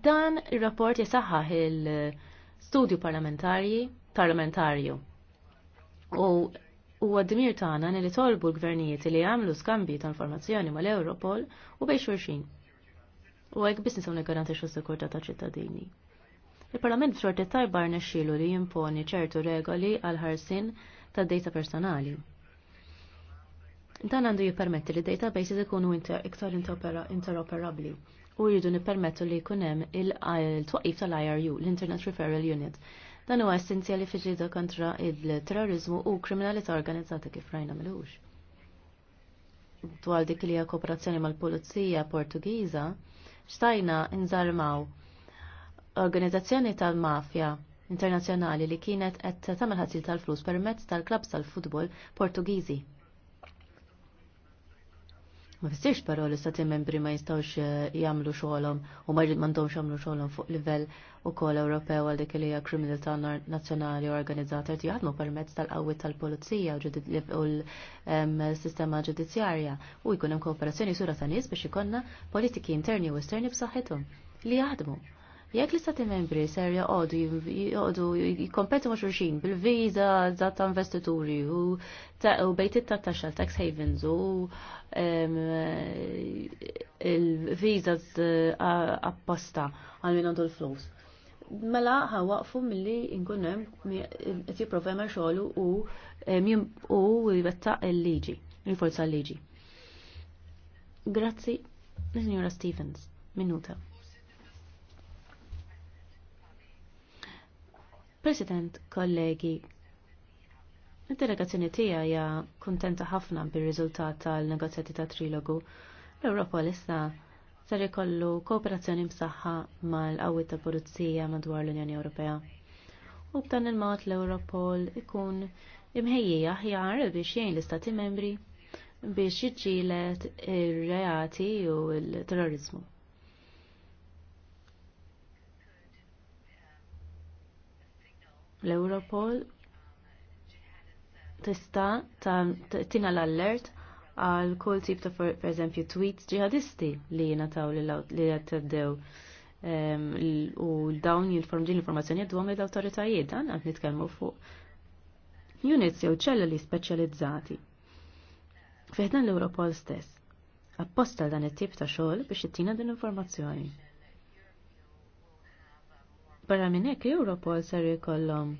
dan ir-rapport jisaħħaħ il-studju parlamentarji parlamentarju U u għadmir tagħna li tolbu l-gvernijiet li għamlu skambji ta' informazzjoni mal-Europol u bej xurxin. U hekk biss nistgħu niggarantixxu s-sikurtà ta' ċittadini. Il-Parlament f'xorti tajba rnexxielu li jimponi ċertu regoli għal ħarsin ta' data personali. Dan għandu jippermetti li databases ikunu iktar interoperabbli u jridu nippermettu li jkun hemm il-twaqif tal-IRU, l-Internet Referral Unit, Dan huwa essenzjali fi ġida kontra il-terrorizmu u kriminalità organizzata kif rajna milux. Dwar dik li hija kooperazzjoni mal-Pulizija Portugiża, xtajna nżarmaw organizzazzjoni tal-mafja internazzjonali li kienet qed tagħmel ħasil tal-flus permezz tal-klabs tal-futbol Portugiżi. Ma fissirx però li stati membri ma jistawx eh, jamlu xolom u ma mandomx jamlu xolom fuq livell u kol Ewropew għal dik li hija kriminalità nazzjonali organizzata qed jaħdmu permezz tal-qawwi tal-pulizija u l-sistema ġudizzjarja u jkun hemm kooperazzjoni sura ta' nies biex ikollna politiki interni u esterni b'saħħithom li jaħdmu Jekk l-istati membri ser jaqodu jaqodu jikkompetu ma' xulxin bil-viza żgħat ta' investituri u u bejtit ta' taxxa tax havens u il-viza apposta għal minn għandu l-flus. Mela ħawaqfu milli nkun hemm qed jipprova xogħol u u jwettaq il-liġi, il-forza l-liġi. Grazzi, Signora Stevens, minuta. President, kollegi, il-delegazzjoni tija ja kontenta ħafna bir-riżultat tal-negozjati ta' trilogu. L-Europa issa ser ikollu kooperazzjoni msaħħa mal-qawwi ta' pulizija madwar l-Unjoni Ewropea. U b'dan il-mod l-Europol ikun imħejji aħjar biex jgħin l-Istati membri biex jiġġielet ir-reati u l-terrorizmu. l-Europol tista tina l-allert għal kull tip ta' per eżempju tweets ġihadisti li nataw li jattaddew ehm, u dawn jinform din l-informazzjoni għaddu għamil autoritajiet dan għad nitkelmu fuq units jew ċellali speċjalizzati. Fiħdan l-Europol stess, apposta dan it-tip ta' xogħol biex ittina din l-informazzjoni. Barra minn hekk Europol ser jkollhom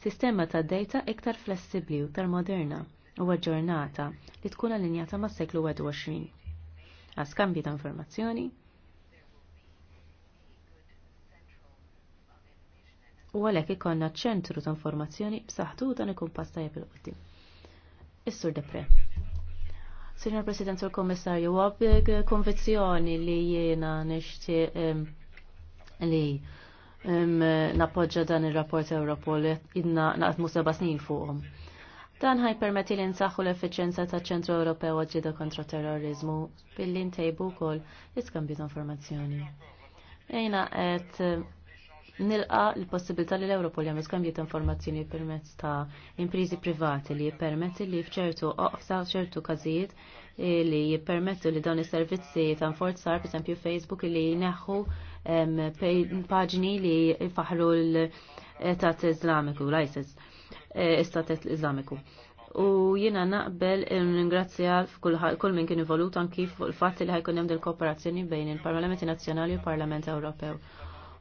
sistema ta' data iktar flessibbli u tar moderna u aġġornata li tkun allinjata mas seklu 21. Għal skambji ta' informazzjoni u għalhekk ikonna ċentru ta' informazzjoni b'saħħtu dan ikun pastajja tajjeb qudiem Is-Sur Depre. Signor President, Sur Kommissarju, għab konvenzjoni li jiena nixtieq li napoġġa dan il-rapport Europol idna naqtmu seba snin fuqhom. Dan ħaj permetti li nsaħħu l-effiċenza ta' ċentru Ewropew Ġieda kontra terrorizmu billi ntejbu wkoll l-iskambju ta' informazzjoni. Ejna qed nilqa l-possibilità li l ewropol jagħmel skambju ta' informazzjoni permezz ta' imprizi privati li jippermetti li f'ċertu oqsa ċertu każijiet eh, li jippermettu li dawn is-servizzi ta' forzar, per Facebook, li jneħħu paġni li faħru l-Etat Islamiku, l-ISIS, eh, Istat Islamiku. U jina naqbel ringrazzja eh, kull min kien involut anki fuq il li ħajkun hemm kooperazzjoni bejn il-Parlamenti Nazzjonali u parlament Ewropew.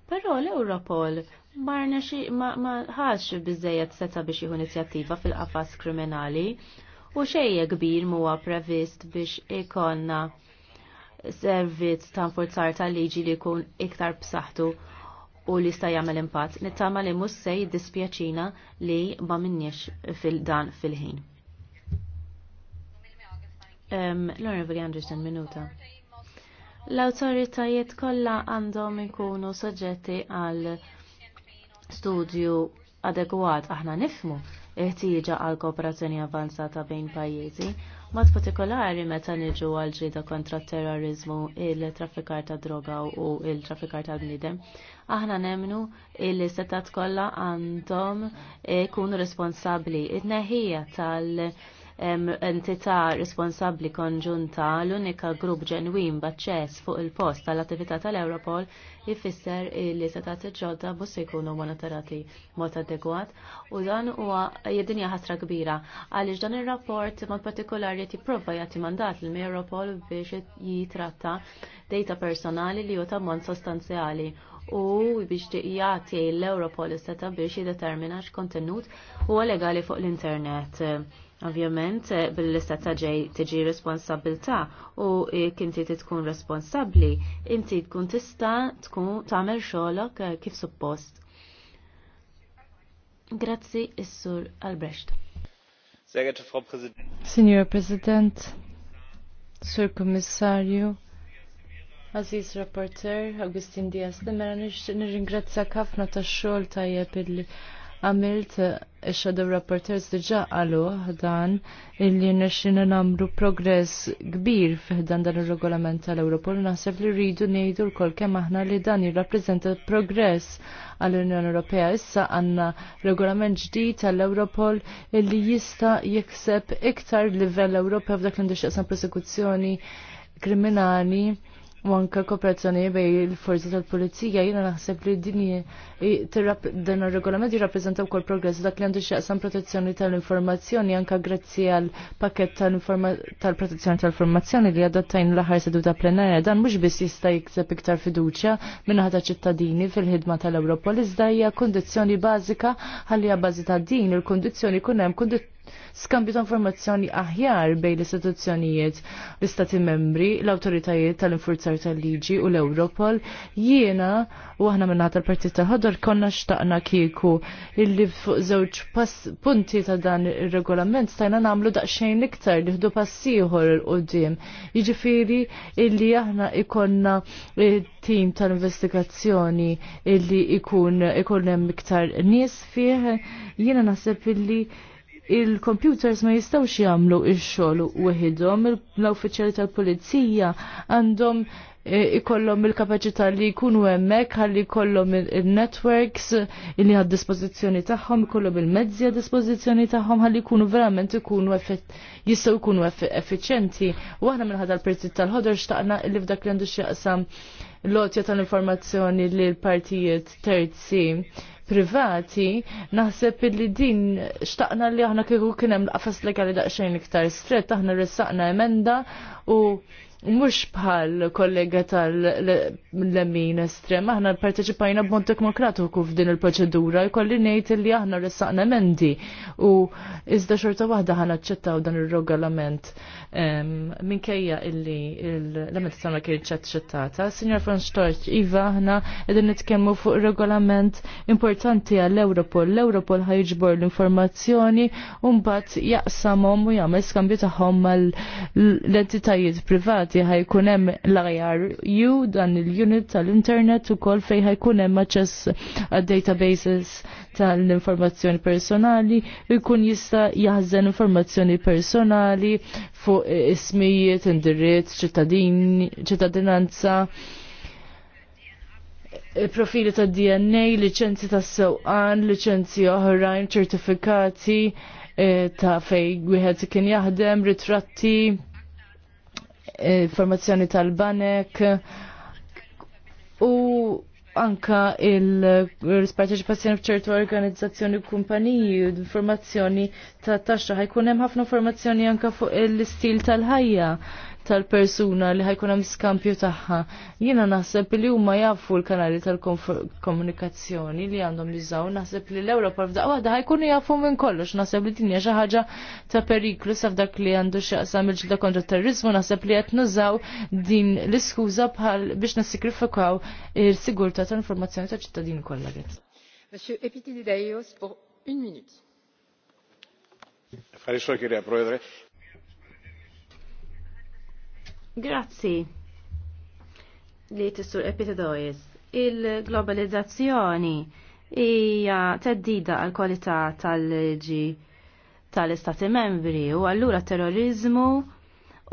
Però l-Europol marna ma ħax biżejjed seta biex jieħu inizjattiva fil-qafas kriminali u xejje kbir huwa previst biex ikonna servizz ta' forzar tal-liġi li jkun iktar b'saħħtu u li sta jagħmel impatt. Nittama li mhux se jiddispjaċina li ma minniex fil-dan fil-ħin. L-Onorevoli Anderson, minuta. L-autoritajiet kollha għandhom ikunu soġġetti għal studju adegwat aħna nifmu ħtieġa għal kooperazzjoni avanzata bejn pajjiżi Mod partikolari meta niġu għal ġrida kontra terrorizmu, il-traffikar ta' droga u il-traffikar ta' bnidem, aħna nemnu il-setat kollha għandhom ikunu responsabbli. t-tneħħija tal- entità responsabbli konġunta l-unika grupp ġenwin b'aċċess fuq il-post tal-attività tal-Europol jfisser li setat ġodda bus se jkunu monitorati mod adegwat u dan huwa jedinja ħasra kbira għaliex dan ir-rapport mod partikolari prova jagħti mandat l europol biex jitratta data personali li huwa tammont sostanzjali u biex jagħti l-Europol seta biex jiddetermina x'kontenut huwa legali fuq l-internet Ovvjament, eh, bil-lista ta' ġej tiġi responsabilta u eh, kinti tkun responsabli, inti tkun tista' tkun tagħmel xolok eh, kif suppost. Grazzi, Issur Albrecht. Frau Signor President, Sur Kommissarju, Aziz Rapporteur, Agustin Diaz, demera nirringrazzja ħafna tax xogħol tajjeb illi għamilt shadow Rapporteurs diġa għalu dan illi nirxinu namlu progress kbir fiħdan dan il-regolament tal-Europol. Naħseb li rridu nejdu l-kol kem aħna li dan jirrapprezenta progress għall-Unjoni Ewropea. Issa għanna regolament ġdid tal-Europol illi jista jikseb iktar livell Ewropea f'dak l-indixqasan prosekuzzjoni kriminali u kooperazzjoni bej il-forzi tal-pulizija jiena naħseb li din dan ir-regolament u kol progress dak li għandu x'jaqsam protezzjoni tal-informazzjoni anka grazzi għal pakett tal-protezzjoni tal-informazzjoni li adottajn l-aħħar seduta plenarja dan mhux biss jista' jikseb iktar fiduċja minna ta' ċittadini fil-ħidma tal-Ewropol iżda hija kondizzjoni bażika ħalli bażi ta' din il kondizjoni kun hemm skambju ta' informazzjoni aħjar bejn l-istituzzjonijiet l-istati membri, l-autoritajiet tal-infurzar tal-liġi u l-Europol. Jiena u aħna minna tal-partit tal-ħodor konna xtaqna kieku illi fuq żewġ punti ta' dan ir-regolament stajna namlu daqsxejn iktar li ħdu passiħor il-qudiem. Jiġifieri illi aħna ikonna eh, tim tal-investigazzjoni illi ikun ikun hemm iktar nies fih jiena naħseb illi il-computers ma jistawx jagħmlu x-xogħol weħidhom, l-uffiċjali tal-pulizija għandhom eh, ikollhom il-kapaċità li jkunu hemmhekk ħalli jkollhom il-networks li għad dispożizzjoni tagħhom, ikollhom il-mezzi għad dispożizzjoni tagħhom ħalli jkunu verament ikunu jistgħu jkunu effiċjenti. U aħna minn ħadha prezzit tal-Ħodor xtaqna li f'dak li għandu x'jaqsam lotja tal-informazzjoni li l-partijiet terzi privati, naħseb li din xtaqna li aħna kieku kien hemm l-qafas legali daqsxejn iktar stret, aħna ressaqna emenda u mhux bħal kollega tal-lemin estrem, aħna parteċipajna b-mod demokratiku f'din il-proċedura, jkolli ngħid li aħna ressaqna emendi u iżda xorta waħda ħana ċettaw dan ir-regolament minkejja illi l-emendi tagħna kien ċettata. Signor von Storch, iva aħna qegħdin nitkemmu fuq regolament importanti għall-Europol. L-Europol ħajġbor l-informazzjoni u mbagħad jaqsamhom u jagħmel skambju tagħhom mal-entitajiet privati Uniti ħajkun hemm l-IRU dan il-unit tal-internet ukoll fejn ħajkun hemm aċċess għad-databases tal-informazzjoni personali jkun jista' jaħżen informazzjoni personali fuq ismijiet, indirizz, ċittadinanza profili ta' DNA, licenzi ta' sewqan, licenzi oħrajn, ċertifikati eh, ta' fej wieħed kien jaħdem, ritratti, informazzjoni tal-banek u anka il-parteċipazzjoni f'ċertu organizzazzjoni u kumpaniji u informazzjoni ta' taxxa ħajkun hemm ħafna informazzjoni anka fuq il istil tal-ħajja tal-persuna li ħajkun hemm skampju tagħha. Jiena naħseb li huma jafu l-kanali tal-komunikazzjoni li għandhom li naħseb li l-Ewropa f'daq waħda ħajkunu jafu minn kollox, naħseb li dinja xi ħaġa ta' periklu sa f'dak li għandu x'jaqsam il-ġilda kontra terrorizmu, naħseb li qed nużaw din l-iskuża bħal biex nassikrifikaw il-sigurtà tal-informazzjoni ta' ċittadini kollha. Monsieur Epitidideios pour une minute. Ευχαριστώ κυρία Πρόεδρε. Grazzi li tissur epitedojis. Il-globalizzazzjoni hija teddida għal kwalità tal-liġi tal-istati membri u allura terrorizmu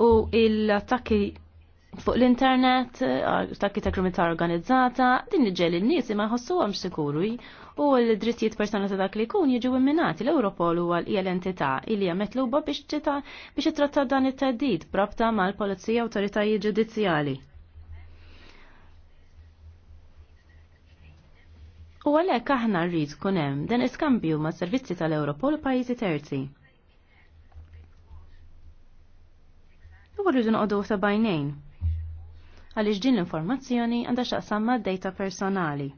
u l-attakki fuq l-internet, attakki ta' kriminalità organizzata, din iġġel in-nies imma jħossuhom sikuri u l-drittijiet persona ta' dak li jkun jiġu imminati l-Europol huwa l-entità illi hija metluba biex tita biex ittratta dan it-teddid brabta mal-Polizija Awtoritajiet Ġudizzjali. U għalhekk aħna rrid tkun hemm dan iskambju ma' servizzi tal-Europol pajjiżi terzi. U rridu noqogħdu ta' bajnejn għaliex din l-informazzjoni għandha x'aqsam mad-data personali.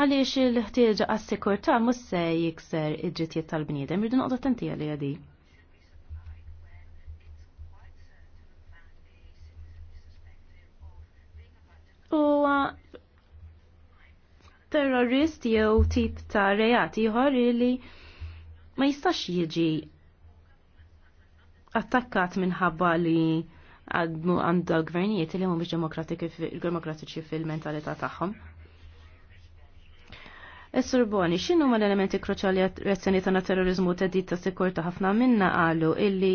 għaliex il-ħtieġa għas-sikurtà mhux se jikser id-drittijiet tal-bniedem, irdu noqgħod attenti għal di. Huwa terrorist jew tip ta' reat ieħor li ma jistax jiġi attakkat minħabba li għandu gvernijiet li mhumiex demokratiċi fil-mentalità tagħhom. Essur Boni, xinu ma l-elementi kruċali reazzjoni tana terrorizmu ta' ta' sikurta ħafna minna għalu illi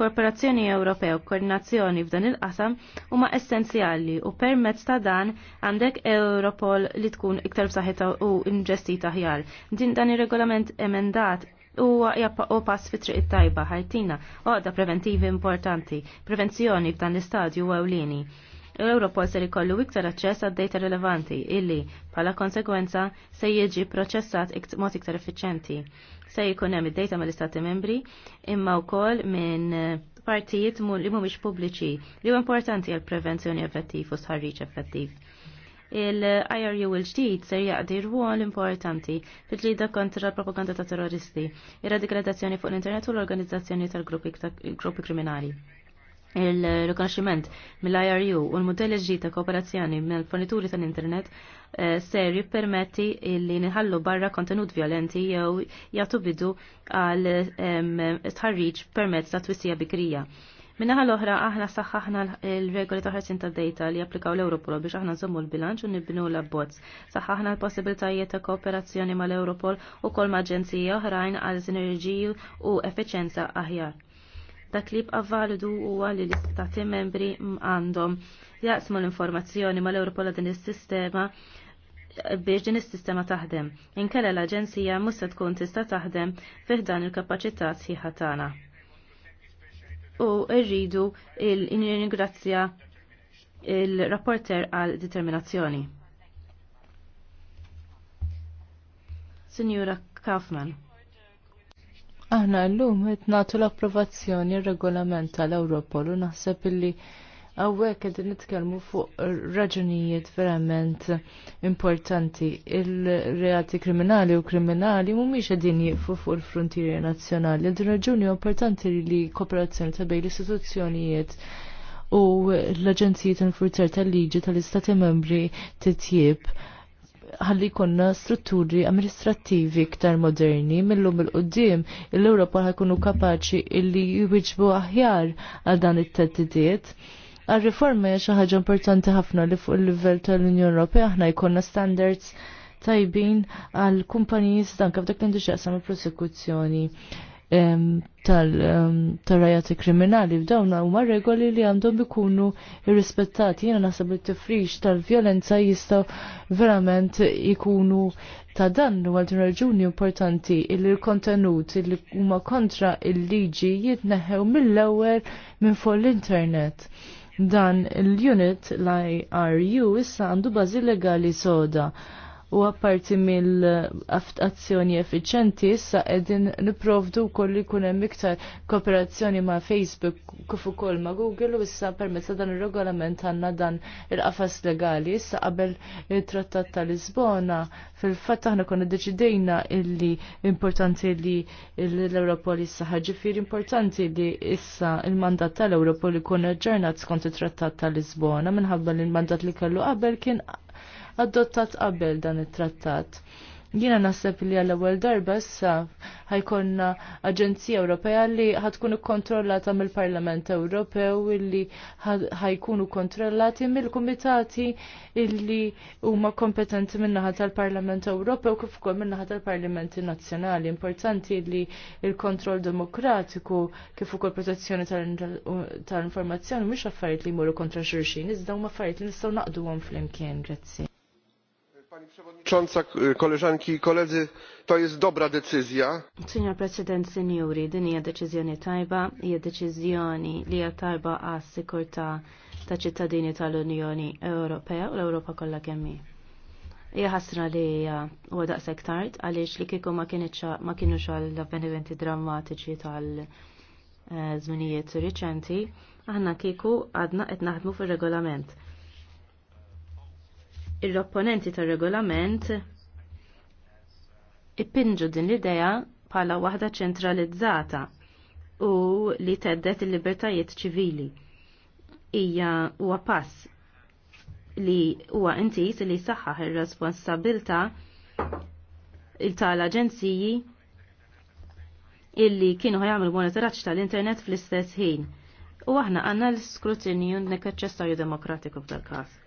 korporazzjoni Ewropew u koordinazzjoni f'dan il-qasam huma essenzjali u permezz ta' dan għandek Europol li tkun iktar b'saħħitha u inġestita ħjar. Din dan ir-regolament emendat huwa u pass fitri triq it-tajba ħajtina, għodda preventivi importanti, prevenzjoni f'dan l-istadju u ewlieni l Europol se ikollu iktar aċċess għad data rilevanti illi bħala konsekwenza se jiġi proċessat mod iktar effiċenti. Se jkun hemm id-data mal istati membri imma wkoll minn eh, partijiet li mhumiex pubbliċi li huwa importanti għal prevenzjoni effettiv u sħarriġ effettiv. Il-IRU il-ġdid ser jaqdi rwol importanti fil-ġlida kontra l-propaganda ta' terroristi, ir-radikalizzazzjoni fuq l-internet u l-organizzazzjoni tal-gruppi kriminali il-rikonoxximent mill-IRU u l modell ġdid ta' kooperazzjoni mill-fornituri tal-internet eh, ser jippermetti li nħallu barra kontenut violenti jew jagħtu bidu għal tħarriġ permezz ta' twissija bikrija. Minnaħa l-oħra aħna saħħaħna l-regoli ta' ħarsin ta' data li applikaw l-Europol biex aħna nżommu l-bilanċ u nibnu l-abbozz. Saħħaħna l-possibilitajiet ta' kooperazzjoni mal-Europol u kol maġenzija oħrajn għal sinerġiju u effiċenza aħjar dak li jibqa' validu huwa li l-istati membri għandhom jaqsmu l-informazzjoni mal Europola din is-sistema biex din is-sistema taħdem. Inkella l-Aġenzija mhux se tkun tista' taħdem fih dan il-kapaċità sħiħa tagħna. U rridu l ingrazzja il-rapporter għal determinazzjoni. Signora Kaufman. Aħna llum qed nagħtu l-approvazzjoni r-regolament tal-Europol u naħseb illi Għawek għed nitkellmu fuq raġunijiet verament importanti. Il-reati kriminali u kriminali mhumiex għedin jifu fuq il-frontieri nazjonali. Din raġuni importanti li kooperazzjoni ta' bej l-istituzzjonijiet u l aġenzijiet tal-Furter tal-Liġi tal-Istati Membri titjib ħalli konna strutturi amministrativi iktar moderni mill-lum il-qoddim l-Europa ħajkunu kapaċi illi jwiġbu aħjar għal dan it-teddidiet. Għal-riforma hija xi ħaġa importanti ħafna li fuq il-livell tal-Unjoni Europea aħna jkollna standards tajbin għal kumpaniji dan f'dak li xaqsam il-prosekuzzjoni tal-rajati kriminali f'dawn huma regoli li għandhom ikunu irrispettati. Jiena naħseb li t-tifrix tal-vjolenza jistgħu verament ikunu ta' dan u għal raġuni importanti illi l-kontenut illi huma kontra il-liġi jitneħew mill-ewwel minn fuq l-internet. Dan l-unit l-IRU issa għandu bażi legali soda u apparti mill-azzjoni effiċenti issa qegħdin nipprovdu wkoll li jkun hemm iktar kooperazzjoni ma' Facebook kufu kol ma' Google u issa permezz dan ir-regolament għandna dan il-qafas legali issa qabel it-Trattat ta' Lisbona fil-fatt aħna konna deċidejna illi importanti li l-Europol issa fir importanti li issa il-mandat tal-Europol ikun aġġornat skont it-Trattat ta' Lisbona minħabba li l-mandat li kellu qabel kien adottat qabel dan it-trattat. Jina naħseb li għall ewwel darba issa ħajkonna Aġenzija Ewropea li ħatkun kontrollata mill-Parlament Ewropew illi ħajkunu kontrollati mill-kumitati illi huma kompetenti minnaħa tal-Parlament Ewropew kif ukoll minnaħa tal-Parlamenti Nazzjonali. Importanti li il-kontroll demokratiku kif ukoll protezzjoni tal-informazzjoni mhux affarijiet li jmorru kontra xulxin, iżda huma affarijiet li nistgħu naqduhom flimkien. Grazzi przewodnicząca! koleżanki i koledzy! to jest dobra decyzja. Signor President, Sinjuri, din hija deċiżjoni tajba, hija deċiżjoni li hija tajba għas sikurtà ta' ċittadini tal-Unjoni Ewropea u l-Ewropa kollha kemm hi. Hija ħasra li hija huwa daqshekk tard għaliex li kieku ma kienux għall avvenimenti drammatiċi tal-żminijiet eh, riċenti, aħna kieku għadna qed naħdmu fir-regolament il opponenti tar regolament ippinġu din l-idea bħala waħda ċentralizzata u li teddet il-libertajiet ċivili. Ija huwa pass li huwa intis li saħħaħ ir-responsabilta il tal-aġenziji illi kienu ħajamlu monitoraġġ tal-internet fl-istess ħin. U aħna għanna l-skrutinju nek demokratiku f'dal każ.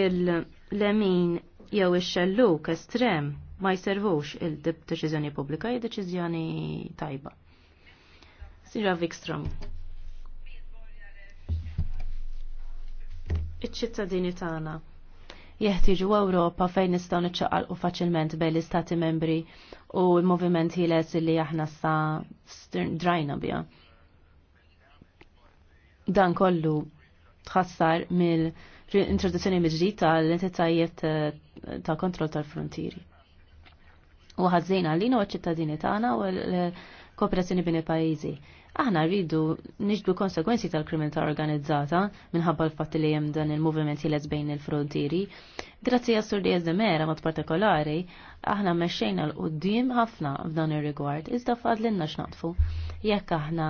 il-lemin jew ix-xelluk estrem ma jservux il-deċiżjoni pubblika hija deċiżjoni tajba. Sira Vikstrom. Iċ-ċittadini tagħna jeħtieġu Ewropa fejn nistgħu niċċaqalqu faċilment bejn l-istati membri u l-moviment ħieles li aħna sa drajna biha. Dan kollu tħassar mill introduzzjoni miġdijt tal-entitajiet eh, ta' kontroll tal-frontieri. U ħadżin għallina u ċittadini tagħna u l-kooperazzjoni bini pajjiżi. Aħna rridu niġbu konsekwenzi tal-kriminalità organizzata minħabba l-fatt li hemm dan il movement jiles bejn il-frontieri. Grazzi għas Sur Diaz Mera mod partikolari, aħna meċċejna l qoddim ħafna f'dan ir-rigward, iżda fadlinna x'naqtfu. Jekk aħna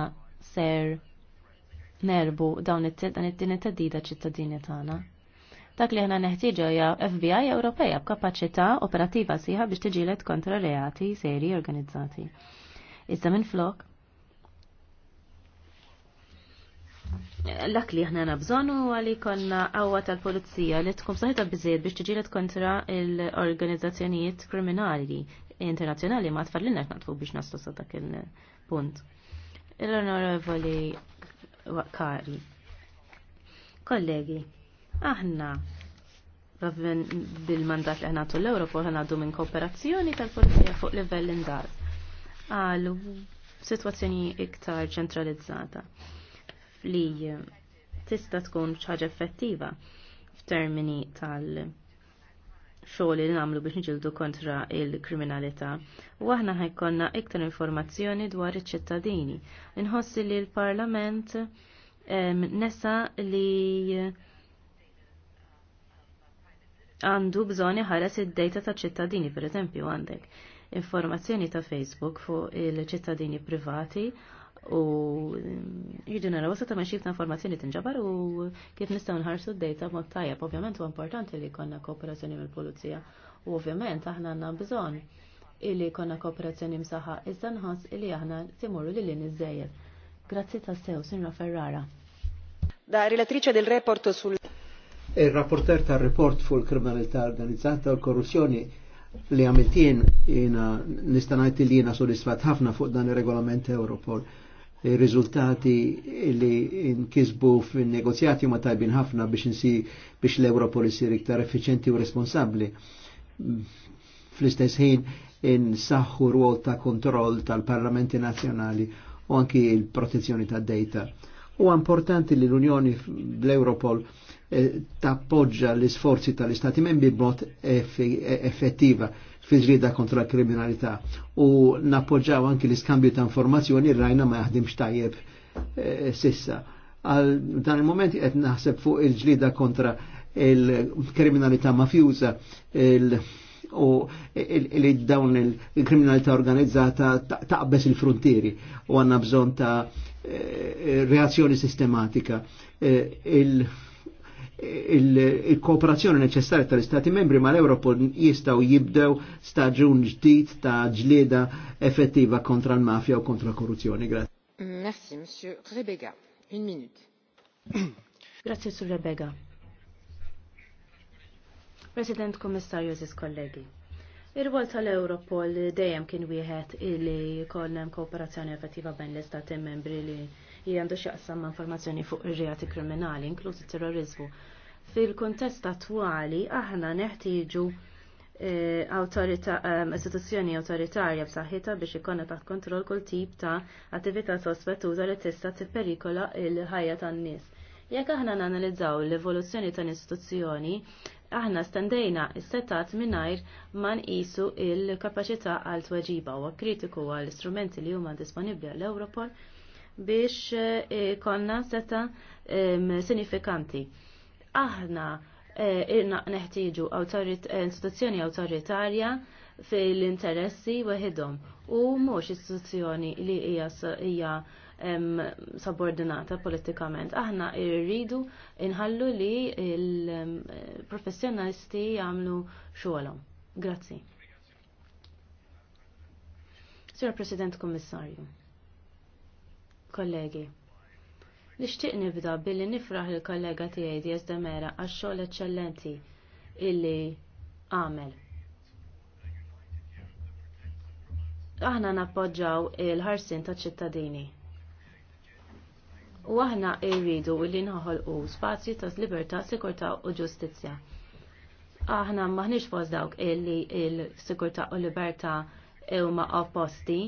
ser nerbu dawn it-tedida ċittadini tagħna. Dak li ħna neħtieġu hija FBI Ewropeja b'kapaċità operattiva sieħa biex tiġilet kontra reati seri organizzati. Iżda minn flok, Lak li ħna nabżonu għalli konna għawa tal-polizija li tkun saħita bizzed biex tiġilet kontra l-organizzazzjonijiet kriminali internazjonali ma tfallinna xnaqtfu biex nastu sa dak il-punt. Il-onorevoli Kari. Kollegi, Aħna bil-mandat li ħnatu l-Europol ħnadu minn kooperazzjoni tal-polizija fuq livell indar għal situazzjoni iktar ċentralizzata li tista' tkun ħaġa effettiva f'termini tal- xogħol li nagħmlu biex niġildu kontra il-kriminalità u aħna ħajkonna iktar informazzjoni dwar iċ-ċittadini. Inħossi li l-Parlament nesa li għandu bżonn iħares id-data ta' ċittadini, pereżempju għandek informazzjoni ta' Facebook fuq il-ċittadini privati u jiġu għara wasa ta' meċif informazzjoni tinġabar u kif nistgħu nħarsu d-data mod tajjeb. Ovvjament u importanti li jkollna kooperazzjoni mill-pulizija u ovvjament aħna għandna bżonn illi jkollna kooperazzjoni msaħħa iżda nħoss illi aħna timurru lil li iżejjed. Grazzi ta' sew, Sinra Ferrara. Da relatrice del report sul Il-rapporter tal report fu l kriminalità organizzata u l-korruzzjoni li għamiltin jena nistanajt li jina sodisfat ħafna fuq dan il-regolament Europol. Il-rizultati li nkisbu fin-negozjati ma tajbin ħafna biex nsi biex l-Europol jisir iktar effiċenti u responsabli. Fl-istess ħin in saħħu rwol ta' kontroll tal-parlamenti nazjonali u anki il-protezzjoni tad data. U importanti li l-Unjoni bl-Europol Eh, tappoġġa l-isforzi tal-Istati membri b'mod effettiva fi ġrida kontra l-kriminalità u nappoġġaw anki l-iskambju ta' informazzjoni rajna ma jaħdimx tajjeb eh, sissa. Għal dan il-moment qed naħseb fuq il-ġlida kontra il-kriminalità mafjuża u li dawn il-kriminalità organizzata taqbes il-frontieri u għanna bżon ta' eh, reazzjoni sistematika. il il-kooperazzjoni neċessarja tal-Istati membri ma l-Europol jistaw jibdew staġun ġdid ta' ġlieda effettiva kontra l-mafja u kontra l-korruzzjoni. Grazie. Mm, merci, Monsieur Rebega. Un minut. Grazie, Sur Rebega. President Komissarju, Ziz kollegi. Ir-rwol tal-Europol dejjem kien wieħed li kollem kooperazzjoni effettiva bejn l-Istati membri li jgħandu xaqsam ma' informazzjoni fuq ir-reati kriminali, inklużi terrorizmu Fil-kontest attwali aħna neħtieġu eh, eh, istituzzjoni awtoritarja b'saħħitha biex ikonna taħt kontroll kull tip ta' attività sospettuża li tista' tipperikola l-ħajja tan-nies. Jekk aħna nanalizzaw l-evoluzzjoni ta' istituzzjoni, aħna stendejna s-setat mingħajr ma nqisu il-kapaċità għal tweġiba u kritiku għal istrumenti li huma disponibbli għal Europol biex eh, konna seta' sinifikanti aħna eh, neħtieġu eh, istituzzjoni awtoritarja fil-interessi waħidhom u mhux istituzzjoni li hija hija subordinata politikament. Aħna irridu inħallu li il-professjonalisti jagħmlu xogħolhom. Grazzi. Sir President Kommissarju, kollegi, Nixtieq nibda billi nifraħ il-kollega tiegħi Diaz Damera għax-xogħol eċċellenti illi għamel. Aħna nappoġġaw il-ħarsin ta' ċittadini. U aħna irridu illi nħolqu spazju ta' libertà, sikurtà u ġustizzja. Aħna maħniex fost dawk illi il-sikurtà u libertà huma opposti,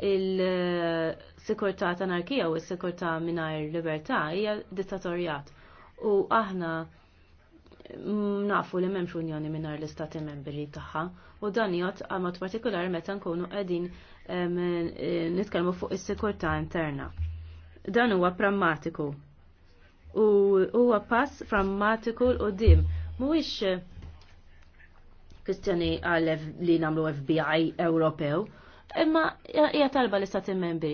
il-sikurtà anarkija u s-sikurtà mingħajr libertà hija dittatorjat. U aħna nafu li memx unjoni minar l-istati membri taħħa u dan jgħat għamot partikolar meta nkunu għedin nitkalmu fuq is-sikurtà interna. Dan huwa prammatiku u huwa pass prammatiku u dim. mhuwiex kwistjoni għal li namlu FBI Ewropew Imma hija talba li timmen membri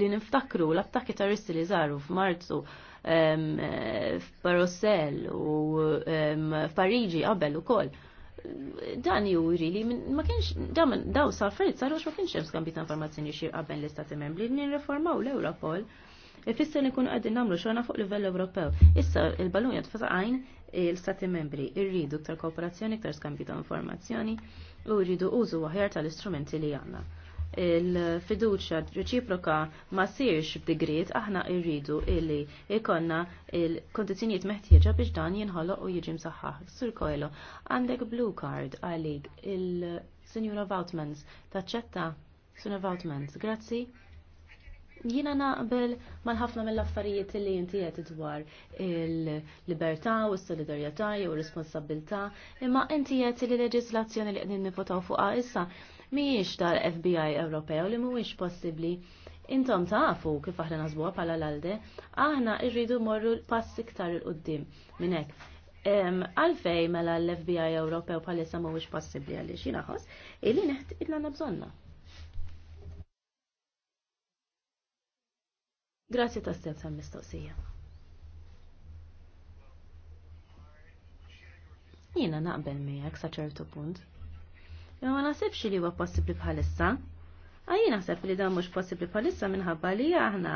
li niftakru l-attakki terroristi li żaru f'Marzu eh, f'Barussell u f'Pariġi qabel ukoll. Dan juri li ma kienx daw saffrit saru ma kienx hemm skambit informazzjoni xi qabel l-istati membri li nirreformaw l ewropol Ifisser ikun qegħdin nagħmlu xogħolna fuq livell Ewropew. Issa il balunja jitfasa għajn l-stati membri irridu ktar kooperazzjoni, ktar skambju ta' informazzjoni u rridu użu aħjar tal-istrumenti li għandna il-fiduċa reċiproka ma sirx b'digriet aħna irridu illi ikonna il kundizzjonijiet meħtieġa biex dan jinħoloq u jiġi msaħħaħ. Sur kojlo, għandek blue card għalik il-Sinjura Voutmans taċċetta Sinjura Voutmans, grazzi. Jina naqbel mal-ħafna mill-affarijiet li jinti qed dwar il-libertà u s-solidarjetà u r-responsabilità, imma inti qed li leġislazzjoni li qegħdin nifotaw fuqha issa mhijiex tal-FBI Ewropew li mhuwiex possibbli. Intom tafu kif aħna naħsbuha bħala l-alde, aħna rridu morru pass iktar il qudiem minn hekk. Għalfej mela l-FBI Ewropew bħalissa mhuwiex possibbli għaliex xinaħos, illi neħt idna bżonna. Grazzi ta' stessa mistoqsija. Jiena naqbel mi sa ċertu punt. Ma nasibx li huwa possibbli bħalissa. Għajji naħseb li dan mhux possibbli bħalissa minħabba li aħna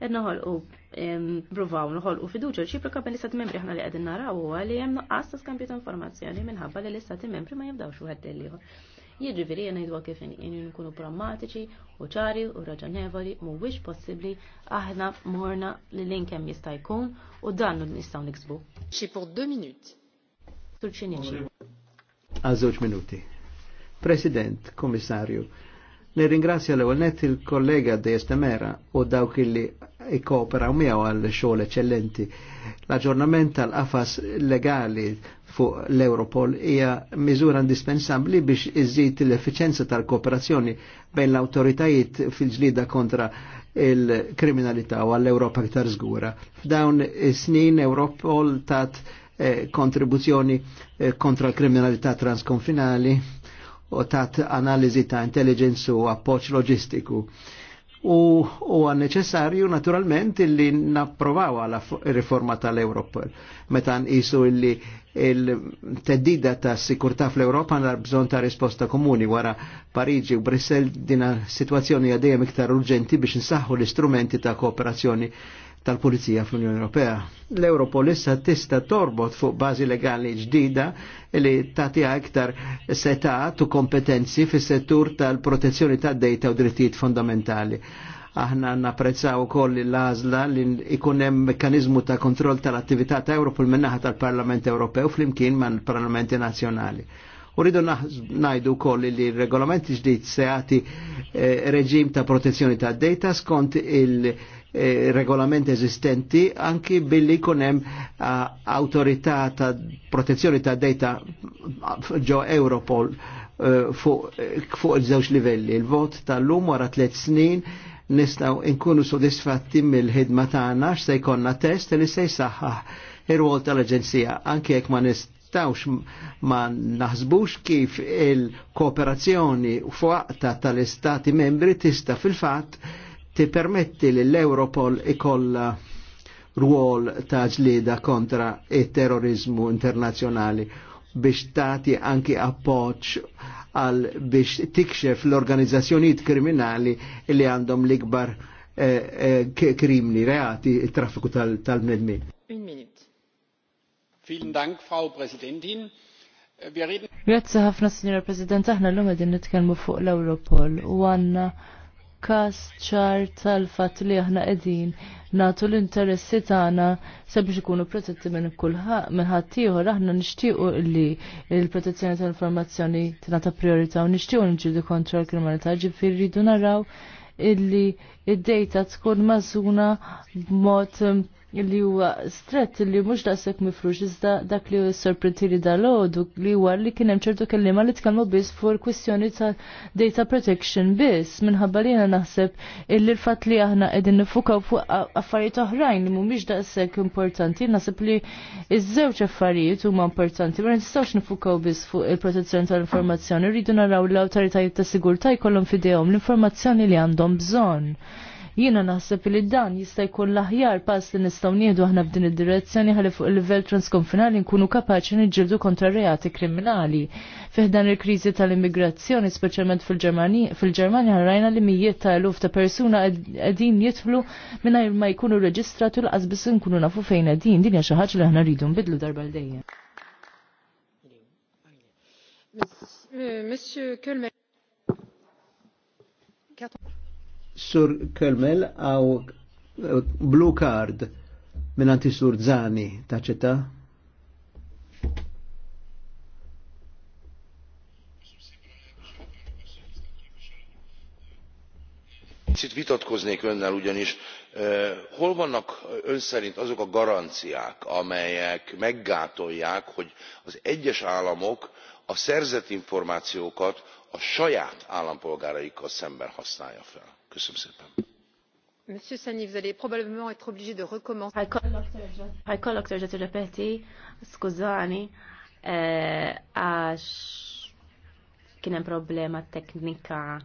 qed noħolqu provaw noħolqu fiduċa reciproka bejn l-istati membri aħna li qegħdin naraw huwa li hemm nuqqas ta' skambju ta' informazzjoni minħabba li l-istati membri ma jibdawx wieħed lill-ieħor. Jiġifieri jien ngħidu kif nkunu prammatiċi u ċari u raġonevoli mhuwiex possibbli aħna morna li l-inkem jista' jkun u dan nistgħu niksbu. Xi pour 2 minuti. Tul xi Għal żewġ minuti. President, Komissarju, ringrazio l ewwel net il-kollega Dejes Estemera u dawk illi ikkoperaw miegħu għal xogħol eċċellenti. L-aġġornament tal-qafas legali fuq l-Europol hija miżura indispensabbli biex iżid l-effiċenza tal-kooperazzjoni bejn l-awtoritajiet fil-ġlida kontra il-kriminalità u għall-Europa iktar żgura. F'dawn is-snin Europol tat eh, kontribuzzjoni eh, kontra l-kriminalità transkonfinali u tat analizi ta' intelligence u approach logistiku. U huwa neċessarju naturalment illi napprovaw għala riforma tal-Europol. Meta nqisu illi il-teddida ta' sikurtà fl-Europa għandha bżonn ta' risposta komuni wara Pariġi u Brissel dina situazzjoni għaddejjem iktar urġenti biex nsaħħu l-istrumenti ta' kooperazzjoni tal-Pulizija fl-Unjoni Ewropea. L-Europol issa tista torbot fuq bażi legali ġdida li tagħtiha iktar setà u kompetenzi fis-settur tal-protezzjoni tad-dejta u drittijiet fondamentali. Aħna napprezzaw ukoll l-għażla li ikun hemm mekkaniżmu ta' kontroll tal-attività ta' Europol minnaħa tal-Parlament Ewropew flimkien mal-Parlamenti Nazzjonali. Uridu najdu wkoll li regolamenti ġdid se jagħti eh, reġim ta' protezzjoni ta' data skont il- E, regolament eżistenti anki billi kunem ah, autorità ta' protezzjoni ta' data ġo Europol fuq e, fu żewġ e, livelli. Il-vot tal-lum wara tliet snin nistaw inkunu sodisfatti mill-ħidma tagħna se jkollna test li se jsaħħaħ ir-rwol tal-Aġenzija anke jekk ma nist nistawx ma naħsbux kif il-kooperazzjoni fuq ta' tal-istati membri tista fil fatt ti permetti li l-Europol ikolla ruol ta' ġlida kontra il-terrorizmu internazjonali biex tati anki appoċ għal biex tikxef l-organizzazzjonijiet kriminali li għandhom l-ikbar eh, eh, krimni reati il-traffiku tal-medmi. Tal Vielen Dank, Frau Präsidentin. Grazie ħafna, Signora President. Aħna l-lum għedin nitkelmu fuq l-Europol u għanna kas ċar tal-fat li aħna qegħdin natu l-interessi tagħna sabiex ikunu protetti minn kulħadd minn ħaddieħor aħna nixtiequ li l-protezzjoni tal-informazzjoni tingħata priorità u nixtiequ niġġieldu kontrol l-kriminalità ġifieri rridu naraw illi id-dejta tkun mażuna b'mod li huwa strett li mhux daqshekk mifrux iżda dak li sorprentiri dal-għodu li huwa li kien hemm ċertu kelliema li tkellmu biss fuq il-kwistjoni ta' data protection biss minħabba li naħseb illi l-fatt li aħna qegħdin nifukaw fuq affarijiet oħrajn li mhumiex daqshekk importanti, naħseb li iż-żewġ affarijiet huma importanti, ma nistgħux nifukaw biss fuq il-protezzjoni tal-informazzjoni, rridu naraw l-awtoritajiet ta' sigurtà jkollhom fidejhom l-informazzjoni li għandhom bżonn Jiena naħseb li dan jista' jkun l-aħjar pass li nistgħu nieħdu aħna f'din id-direzzjoni ħalli fuq il-livell transkonfinali nkunu kapaċi niġġieldu kontra reati kriminali. Fiħdan il-kriżi tal-immigrazzjoni, speċjalment fil-Ġermanja, rajna li mijiet ta' eluf ta' persuna qegħdin jidħlu mingħajr ma jkunu reġistratu l biss nkunu nafu fejn qegħdin. Din hija xi ħaġa li aħna rridu nbidlu darba l Monsieur Kölmer. Sur Kelmel għaw eh, blue card minn anti Sur Zani taċċetta. Kicsit vitatkoznék önnel ugyanis, eh, hol vannak eh, ön szerint azok a garanciák, amelyek meggátolják, hogy az egyes államok a szerzett információkat a saját állampolgáraikkal szemben használja fel? Köszönöm Monsieur Sani, vous allez probablement être obligé de recommencer. Eh, kien hemm problema teknika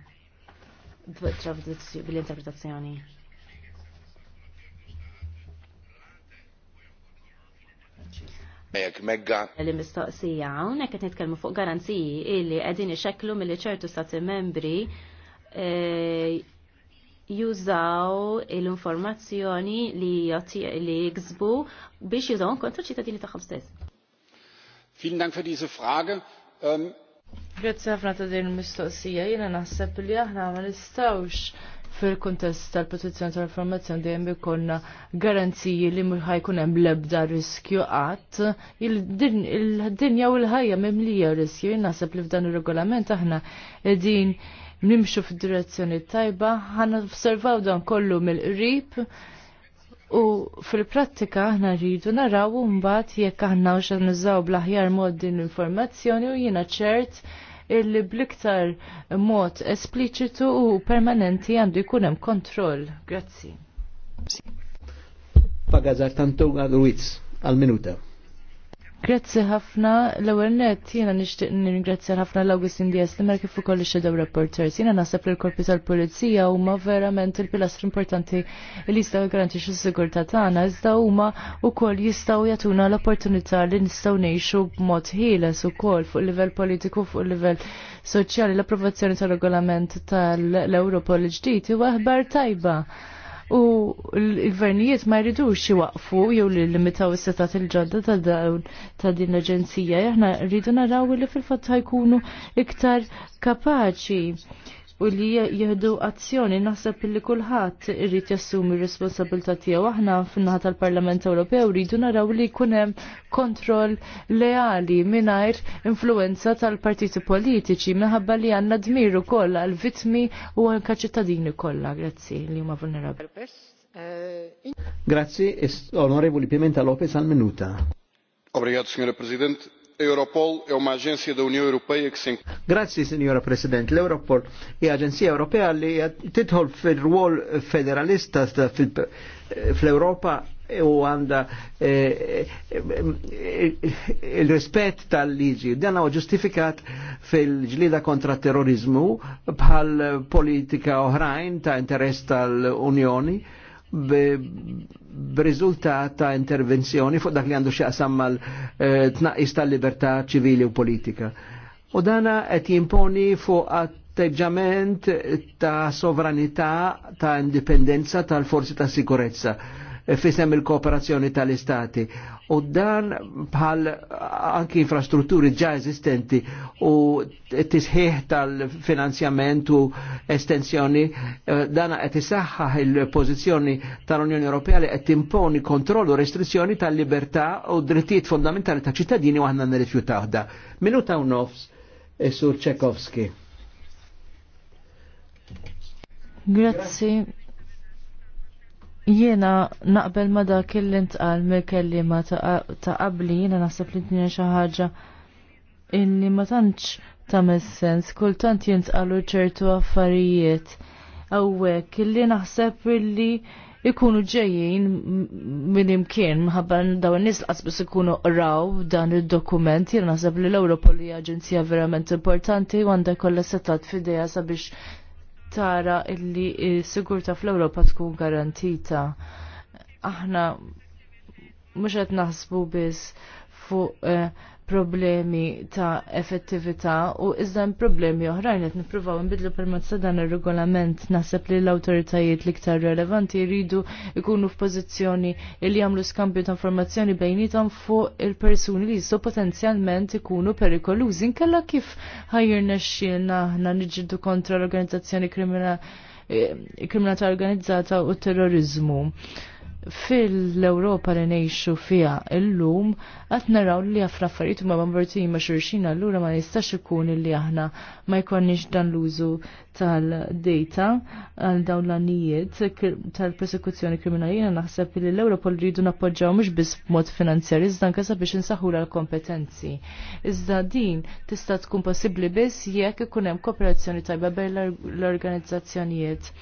interpretazzjoni Mejek megga. L-mistoqsija, unek qed nitkellmu fuq garanziji illi qegħdin ixekklu mill ċertu stati membri eh, jużaw l-informazzjoni li li jgżbu biex jużaw kontra ċittadini tagħhom stess. Vielen Dank für diese Frage. Ähm, Grazzi ħafna ta' din il-mistoqsija. Jiena naħseb li aħna ma nistgħux fil-kuntest tal-protezzjoni tal-informazzjoni dejjem ikollna garanziji li mhux ħajkun hemm l-ebda riskju qatt. Il-dinja u l-ħajja mimlija riskju. Jien naħseb li f'dan ir-regolament aħna qegħdin nimxu f'direzzjoni tajba, ħan observaw dan kollu mill-qrib u fil-prattika aħna rridu naraw mbagħad jekk aħna x'annużaw bl-aħjar mod din l-informazzjoni u jiena ċert illi bliktar mod espliċitu u permanenti għandu jkun hemm kontroll. Grazzi. Pagazar għal Ruiz għal-minuta. Grazzi ħafna, l-ewwel net jiena nixtieq ningrazzja ħafna l-Augustin Dias li mer kif ukoll ix rapporters. Reporters. Jiena naħseb li l-korpi tal-Pulizija huma verament il pilastri importanti li jistgħu jgarantixxu s-sigurtà tagħna iżda huma wkoll jistgħu jagħtuna l-opportunità li nistgħu ngħixu b'mod ħieles ukoll fuq livell politiku fuq livell soċjali l-approvazzjoni tal-regolament tal-Europol ġdid huwa aħbar tajba u l-gvernijiet ma jridux waqfu jew li limitaw is-setat il-ġodda ta' din l-aġenzija. Aħna rridu naraw li fil-fatt ħajkunu iktar kapaċi u li jieħdu azzjoni naħseb li kulħadd irrit jassumi r-responsabilità tiegħu aħna fin-naħa tal-Parlament Ewropew rridu naraw li jkun hemm kontroll leali mingħajr influenza tal-partiti politiċi minħabba li għandna dmir ukoll għall-vittmi u anke ċittadini kollha grazzi li huma vulnerabbli. Grazie, onorevoli Pimenta Lopez al minuta. Obrigado, Sr. Presidente. Europol é uma agência da União Europeia que se signora Presidente. L'Europol è agenzia europea li titħol fil-rwol federalista fil eh, europa u e għanda eh, eh, il rispet tal-liġi. Dan għu ġustifikat fil-ġlida kontra terrorizmu bħal politika oħrajn ta' interess tal-Unjoni b'riżultat ta' intervenzjoni fuq dak li għandu xaqsam mal-tnaqqis eh, ta' libertà ċivili u politika. U dana qed jimponi fuq atteġġament ta' sovranità ta' indipendenza tal-forzi ta' sikurezza eh, fisem il-kooperazzjoni tal-istati u dan bħal anki infrastrutturi ġa eżistenti u tisħiħ tal-finanzjament u estensjoni eh, dan qed isaħħaħ il-pożizzjoni tal-Unjoni Ewropea li qed timponi kontroll u restrizzjoni tal-libertà u drittijiet fondamentali ta' ċittadini u aħna nirrifjutaw da. Minuta u nofs, eh, Sur Tchaikovsky. Grazie. Jiena naqbel ma dak li ntqal mill-kellima ta' qabli jiena naħseb li tinja xi ħaġa illi ma tantx tagħmel sens, kultant jintqalu ċertu affarijiet hawnhekk illi naħseb illi ikunu ġejjin minn imkien minħabba dawn nies qasbis ikunu raw dan id-dokument jiena naħseb li l-Ewropol hija aġenzija verament importanti u għandha kollha setat f'idea sabiex tara illi s-sigurta fl europa tkun garantita. Aħna mhux qed naħsbu biss fuq uh, problemi ta' effettività u iżda problemi oħrajn qed nippruvaw nbidlu permezz ta' dan ir-regolament naħseb li l-awtoritajiet l-iktar relevanti jridu jkunu f'pożizzjoni li jagħmlu skambju ta' informazzjoni bejnietom fuq il-persuni li jistgħu potenzjalment ikunu perikolużi inkella kif ħajjir xilna aħna niġġieldu kontra l-organizzazzjoni kriminali eh, kriminalità organizzata u terrorizmu fil-Europa li nejxu fija illum, għat naraw li għafna affarijiet ma bambarti ma xurxina l-lura ma jistax ikun li aħna ma jkonniex dan l-użu tal-data għal dawn l-anijiet tal-persekuzzjoni kriminalina naħseb li l-Europol rridu nappoġġaw mhux biss b'mod finanzjar iżda anke sabiex nsaħu l-kompetenzi. Iżda din tista' tkun possibbli biss jekk ikun hemm kooperazzjoni tajba bejn l-organizzazzjonijiet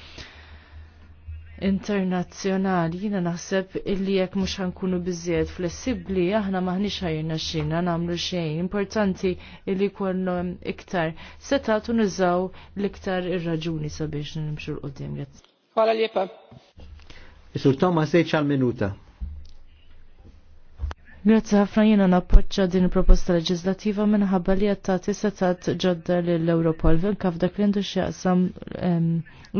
internazzjonali jina naħseb illi jekk mhux ħankunu biżjed flessibbli aħna maħniex ħajna xina nagħmlu xejn. Importanti illi kollhom iktar setat u l-iktar ir-raġuni sabiex nimxu l Għala Ħala liepa. Isur Thomas Eċ minuta. Grazzi ħafna jiena nappoġġa din il-proposta leġislativa minħabba li qed tagħti setat ġodda lill-Europol vinka dak li għandu x'jaqsam ehm,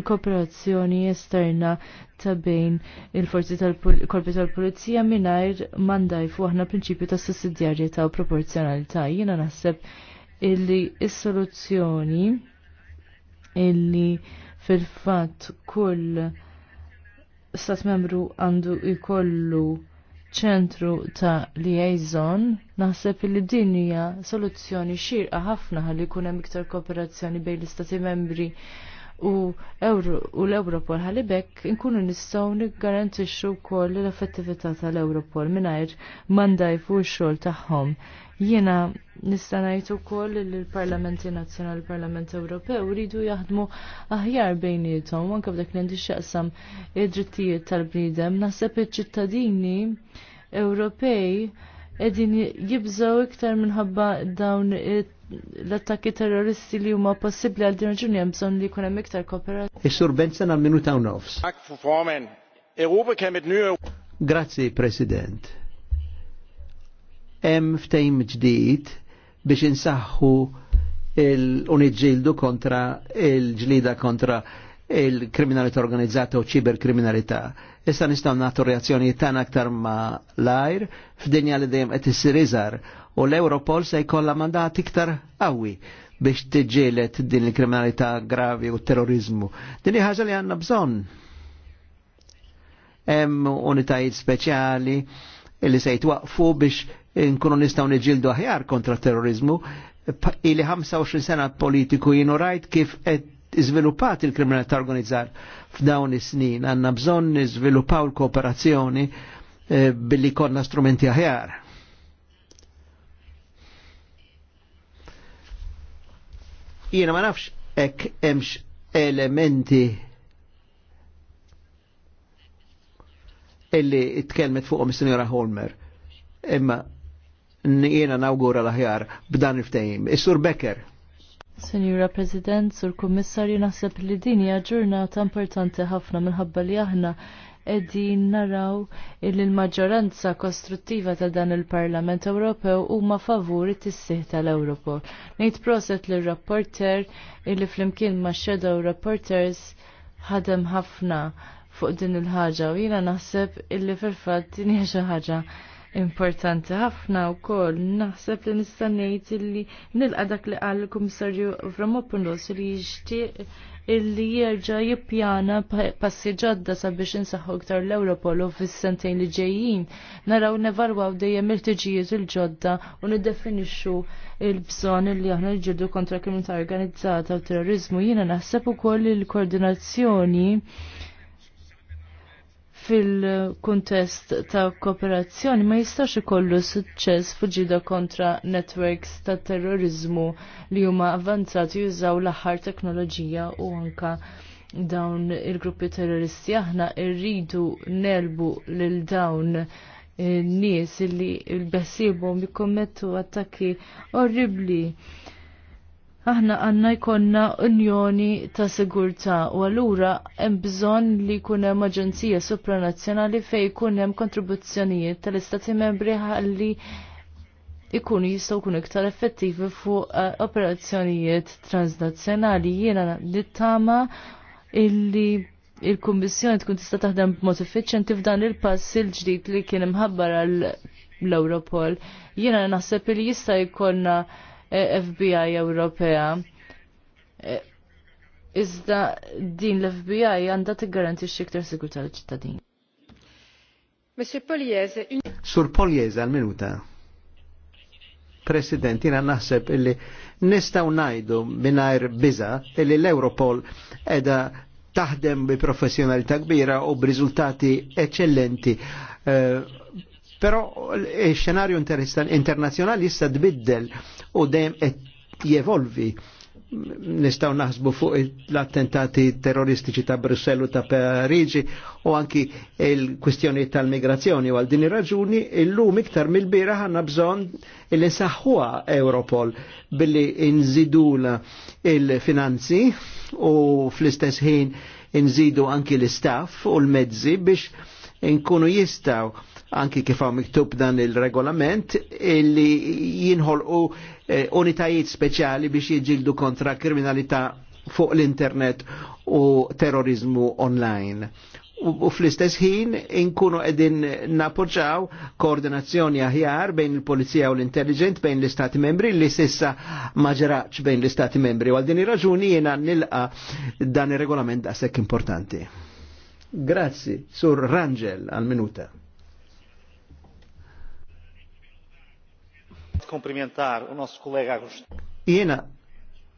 kooperazzjoni esterna ta' bejn il-forzi tal-korpi tal-pulizija mingħajr mandajfu aħna prinċipju ta' sussidjarjetà u proporzjonalità. Jiena naħseb illi is-soluzzjoni illi fil-fatt kull stat membru għandu jkollu ċentru ta' liaison, naħseb li din hija soluzzjoni xirqa ħafna ħalli jkun hemm iktar kooperazzjoni bejn l-istati membri u l-Europol ħalibek nkunu nistgħu niggarantixxu wkoll l-effettività tal-Europol mingħajr ma ndajfu x-xogħol tagħhom. Jiena nista' ngħid ukoll li l-Parlamenti Nazzjonali l-Parlament Ewropew rridu jaħdmu aħjar bejniethom anke b'dak li għandi jaqsam id-drittijiet tal-bniedem. Naħseb iċ-ċittadini Ewropej qegħdin jibżgħu iktar minħabba dawn l-attakki terroristi li huma possibbli għal din raġuni hemm bżonn li jkun hemm iktar kooperazzjoni. Is-sur Benson għal minuta u nofs. Grazzi, President hemm ftehim ġdid biex insaħħu il-unidġildu kontra il-ġlida kontra il-kriminalità organizzata u ċiberkriminalità. Issa nistgħu nagħtu reazzjoni tan aktar ma l-ajr f'dinja li dejjem qed issir iżgħar u l-Europol se jkollha mandat iktar qawwi biex tiġġieled din il-kriminalità gravi u terrorizmu. Din hi ħaġa li għandna bżonn. Hemm unitajiet speċjali li se jitwaqfu biex nkunu nistaw niġildu aħjar kontra terrorizmu, ili 25 sena politiku jienu rajt kif qed iżviluppat il-kriminalità organizzat f'dawn is-snin, għandna bżonn niżviluppaw l-kooperazzjoni eh, billi konna strumenti aħjar. Jiena ma nafx hekk hemmx elementi illi tkellmet fuqhom is-Sinjora Holmer. Imma jiena nawgura l-aħjar b'dan il-ftehim. Is-Sur Becker. Senjura President, Sur Kummissarju, naħseb li din hija ġurnata importanti ħafna minħabba li aħna qegħdin naraw il l-maġġoranza kostruttiva ta' dan il-Parlament Ewropew huma favur it-tissih tal-Europol. Ngħid proset lir rapporter illi flimkien ma' Shadow Reporters ħadem ħafna fuq din il-ħaġa u jiena naħseb illi fil-fatt din hija xi ħaġa importanti ħafna u koll. Naħseb li nistannejt illi nilqa dak li għal komissarju Vramopoulos li jixtieq illi jerġa jippjana passi ġodda sabiex insaħħu ktar l-Europol u fis-sentejn li ġejjin. Naraw nevarwaw dejjem il-tiġijiet il-ġodda u niddefinixxu il-bżonn illi aħna nġirdu kontra kriminalità organizzata u terrorizmu. Jiena naħseb ukoll il-koordinazzjoni fil-kuntest ta' kooperazzjoni ma jistax ikollu suċċess fuġida kontra networks ta' terrorizmu li huma avanzati jużaw l-aħħar teknoloġija u anka dawn il-gruppi terroristi aħna irridu nelbu lil dawn nies li l-besibhom jikkommettu attakki orribli aħna għanna jkonna unjoni ta' sigurta u għallura hemm bżonn li jkun hemm aġenzija supranazzjonali fejn kunem hemm kontribuzzjonijiet tal-istati membri ħalli ikunu jistgħu jkunu iktar effettivi fuq eh, operazzjonijiet transnazzjonali. Jiena nittama illi il-Kummissjoni tkun tista' taħdem b'mod effiċjenti f'dan il-pass il-ġdid li kien imħabbar għall europol Jiena naħseb li jista' jkollna E FBI Ewropea. E, iżda din l-FBI għandha tiggarantixxi iktar sigurtà l-ċittadin. Monsieur Poliese. Sur Poliese għal-minuta. President, jina naħseb illi nistaw najdu minnajr biza illi l-Europol edha taħdem bi professjonalità kbira u b'riżultati eccellenti. Uh, però il-xenarju internazjonali jista' tbiddel u dem et jevolvi nistaw naħsbu fuq l-attentati terroristiċi ta' Brussellu ta' Parigi u anki il-kwistjoni tal-migrazzjoni u għal dini raġuni il-lum iktar mil bira ħanna bżon il saħħuha Europol billi inżidula il-finanzi u fl-istess ħin inżidu anki l-istaff u l-mezzi biex inkunu jistaw anki kif hawn miktub dan il-regolament illi jinħolqu eh, unitajiet speċjali biex jiġildu kontra kriminalità fuq l-internet u terrorizmu online. U fl-istess ħin inkunu edin napoġaw koordinazzjoni aħjar bejn il-Polizija u l-Intelligent bejn l-Istati membri li sissa maġraċ bejn l-Istati membri. U għal din raġuni jena nilqa dan ir-regolament daqshekk importanti. Grazzi, sur Rangel al minuta. Komplimentar, u nos kollega Jena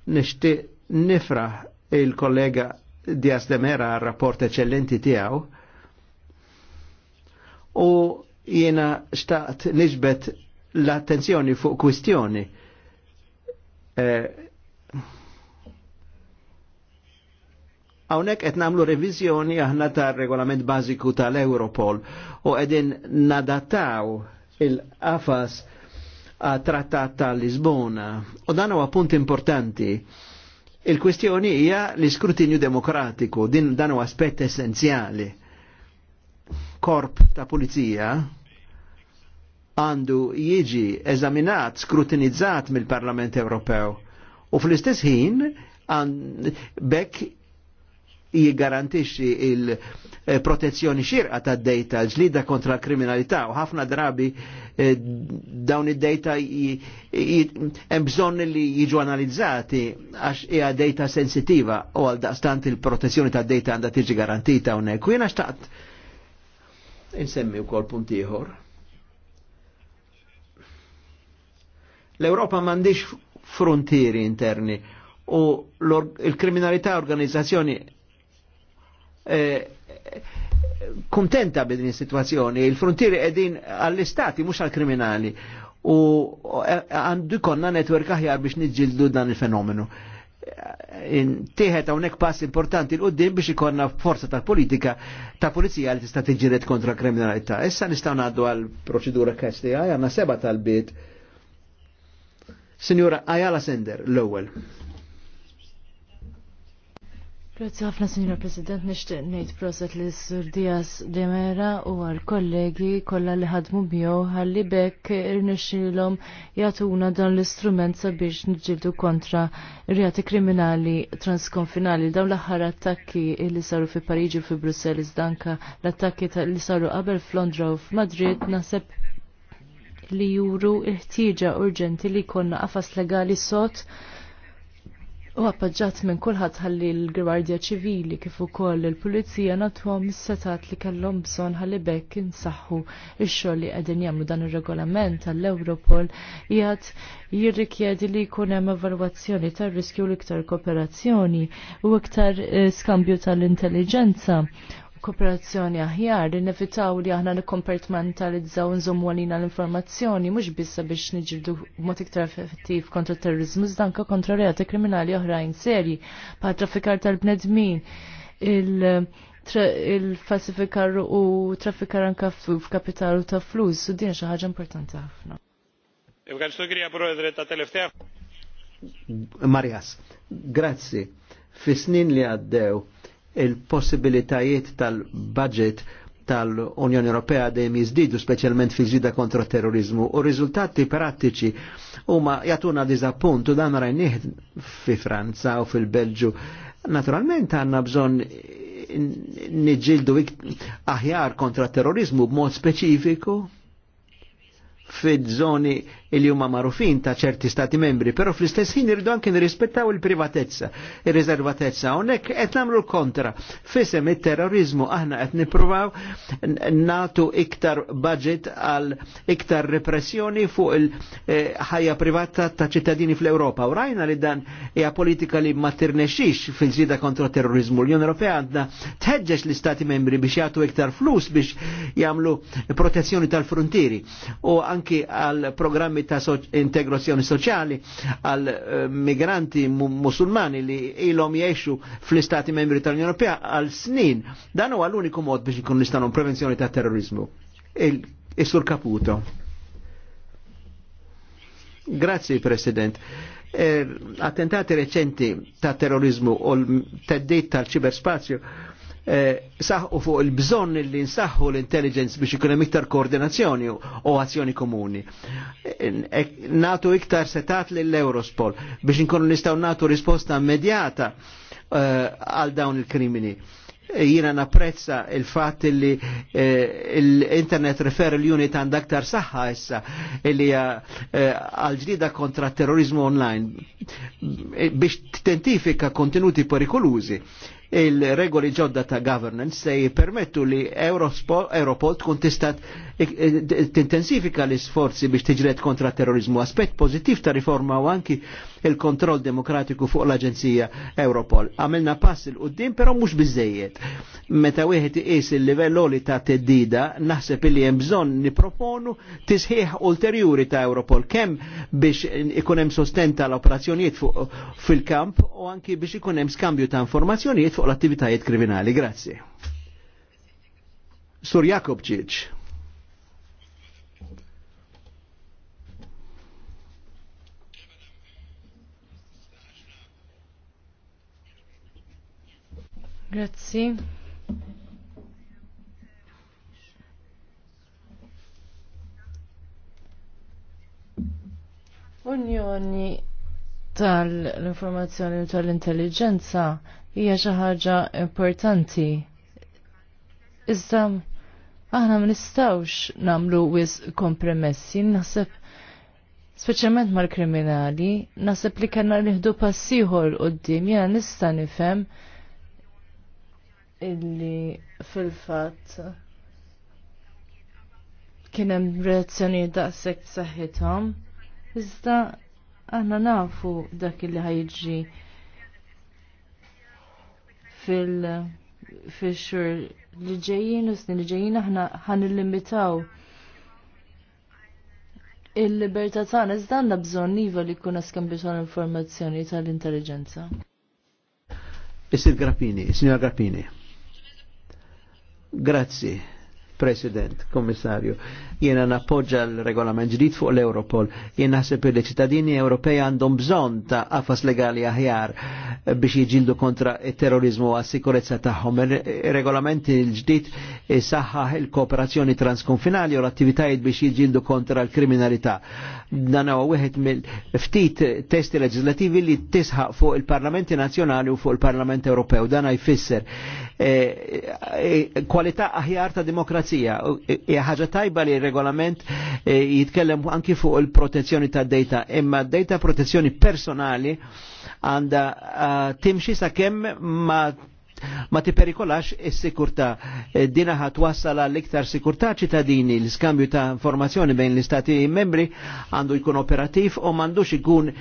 nishti nifraħ il-kollega Dias de Mera rapport eccellenti tijaw u jena xtaqt nġbet l-attenzjoni fuq kwistjoni. Hawnhekk eh, qed nagħmlu revizjoni aħna ta' regolament baziku tal-Europol u edin nadataw il-qafas trattat tal-Lisbona. U dan huwa punt importanti. Il-kwestjoni hija l-iskrutinju demokratiku, din dan huwa aspett essenzjali. Korp ta' pulizija għandu jiġi eżaminat, skrutinizzat mill-Parlament Ewropew. U fl-istess ħin bekk jiggarantixxi il- Eh, protezzjoni xirqa ta' data ġlida kontra l-kriminalità u ħafna drabi eh, dawn id-data hemm bżonn li jiġu analizzati għax hija data sensitiva u għal daqstant il-protezzjoni ta' data għandha tiġi garantita hawnhekk. U jiena xtaqt insemmi wkoll punt ieħor. L-Ewropa m'għandix frontieri interni u l-kriminalità organizzazzjoni eh, kontenta bidin is-sitwazzjoni. Il-frontieri qegħdin għall-istati mhux għall-kriminali u għandu konna netwerk aħjar biex niġġildu dan il-fenomenu. Tieħed hawnhekk pass importanti l-qudiem biex ikonna forza tal-politika ta' pulizija li tista' tiġġiret kontra kriminalità. Issa nistgħu ngħaddu għal proċedura KSTI għandna seba tal-bit. Signora Ayala Sender, l-ewwel. Grazie ħafna, Signor President, nishtiq ngħid proset li Sur Dias Demera u għal kollegi kollha li ħadmu miegħu ħalli bekk irnexxielhom jagħtuna dan l-istrument sabiex nġildu kontra reati kriminali transkonfinali dawn l-aħħar attakki li saru fi Pariġi u fi Brussell iżda anke l-attakki li saru qabel f'Londra u f'Madrid naħseb li juru l-ħtieġa urġenti li jkollna qafas legali sot u appoġġat minn kulħadd ħalli l-Gwardja Ċivili kif ukoll il-Pulizija nagħtuhom is-setat li kellhom bżonn ħalli bekk insaħħu ix xogħol li qegħdin jagħmlu dan ir-regolament tal-Europol jgħid jirrikjedi li jkun hemm evalwazzjoni tar-riskju l-iktar kooperazzjoni u iktar eh, skambju tal-intelligenza kooperazzjoni aħjar li li aħna nikkompartmentalizzaw nżommu għalina l-informazzjoni mhux biss biex niġibdu mod iktar effettiv kontra terrorizmu żdanka kontra reati kriminali oħrajn serji bħal traffikar tal-bnedmin il-falsifikar u traffikar anka f'kapitalu ta' flus u din xi ħaġa importanti ħafna. Marias, grazzi. Fis-snin li għaddew, il-possibilitajiet tal-budget tal-Unjoni Ewropea dejjem jiżdiedu speċjalment fil-ġida kontra terrorizmu u riżultati prattiċi huma jagħtuna diżappunt u dan rajnieħ fi Franza u fil-Belġu. Naturalment għandna bżonn niġġieldu aħjar kontra terrorizmu b'mod speċifiku fid-żoni li huma marufin ta' ċerti stati membri, però fl-istess ħin irridu anke nirrispettaw il-privatezza, ir-riservatezza. Hawnhekk qed nagħmlu l-kontra. Fisem it-terrorizmu aħna qed nippruvaw natu iktar budget għal iktar repressjoni fuq il-ħajja eh, privata ta' ċittadini fl-Ewropa. U rajna li dan hija politika li ma tirnexxix fil-ġida kontra terrorizmu. L-Unjoni Ewropea għandna tħeġġeġ l-Istati membri biex jagħtu iktar flus biex jagħmlu protezzjoni tal-frontieri u anki għal programmi ta' so integrazzjoni soċjali għal eh, migranti musulmani li ilhom jgħixu fl-istati membri tal-Unjoni Ewropea għal snin. Dan huwa l-uniku mod biex ikun nistgħu prevenzjoni ta' terrorizmu. Is-sur e Caputo. Grazzi, President. Eh, attentati recenti ta' terrorizmu u l-teddit tal-ċiberspazju Eh, saħqu fuq il bżon li nsaħħu l-intelligence biex ikun hemm iktar koordinazzjoni u azzjoni komuni. Natu iktar setat lill-Eurospol biex inkunu nistgħu natu risposta immedjata eh, għal dawn il-krimini jina napprezza il-fat li eh, l-Internet Referral Unit għandha aktar saħħa issa li għal-ġdida kontra terrorizmu online biex t-tentifika kontenuti perikolużi il-regoli ġodda ta' governance se jipermettu li Europol tkun tista' tintensifika l-isforzi biex tiġret kontra terrorizmu. Aspett pozittiv ta' riforma u anki il-kontroll demokratiku fuq l-Aġenzija Europol. Għamilna pass il-qoddim, però mhux bizzejiet. Meta wieħed iqis il-livell oli ta' teddida, naħseb li hemm bżonn niproponu tisħiħ ulterjuri ta' Europol kemm biex ikun hemm sosten tal-operazzjonijiet fil-kamp u anki biex ikun hemm skambju ta' informazzjonijiet fuq l-attivitajiet kriminali. Grazzi. Sur Jakobčić. Grazzi. Unjoni tal-informazzjoni u tal-intelligenza hija xi ħaġa importanti. Iżda aħna ma nistgħux nagħmlu wis kompromessi, naħseb speċjalment mal-kriminali, naħseb li kellna nieħdu passiħor qudiem jiena nista' nifhem illi fil-fatt kien hemm da' daqshekk b'saħħithom. Iżda aħna nafu dak illi ħajġi fil fil-xur li ġejjin u snin li ġejjin aħna ħan il-limitaw il-libertà tagħna iżda għandna bżonn iva li jkun skambju l informazzjoni tal-intelligenza. Isir Grappini, Signora Grappini. Grazie. President, Komissarju, jiena nappoġġa l-regolament ġdid fuq l-Europol. Jien naħseb li ċittadini Ewropej għandhom bżonn ta' qafas legali aħjar biex jiġildu kontra terrorizmu għas sikurezza tagħhom. Il-regolament il-ġdid saħħaħ il-kooperazzjoni transkonfinali u l-attivitajiet biex jiġildu kontra l-kriminalità. Dan huwa wieħed mill-ftit testi leġislativi li tisħaq fuq il-Parlamenti Nazzjonali u fuq il-Parlament Ewropew. Dan jfisser eh, eh, kwalità aħjar ta' demokrazija demokrazija. E, e, ħaġa tajba li regolament e, jitkellem anki fuq il-protezzjoni ta' data, imma data protezzjoni personali għanda timxi sa' kemm ma' ma tiperikolax is-sikurtà. E, dina ħat wassal l iktar sikurtà ċittadini l-iskambju ta' informazzjoni bejn l-istati membri għandu jkun operativ u m'għandux ikun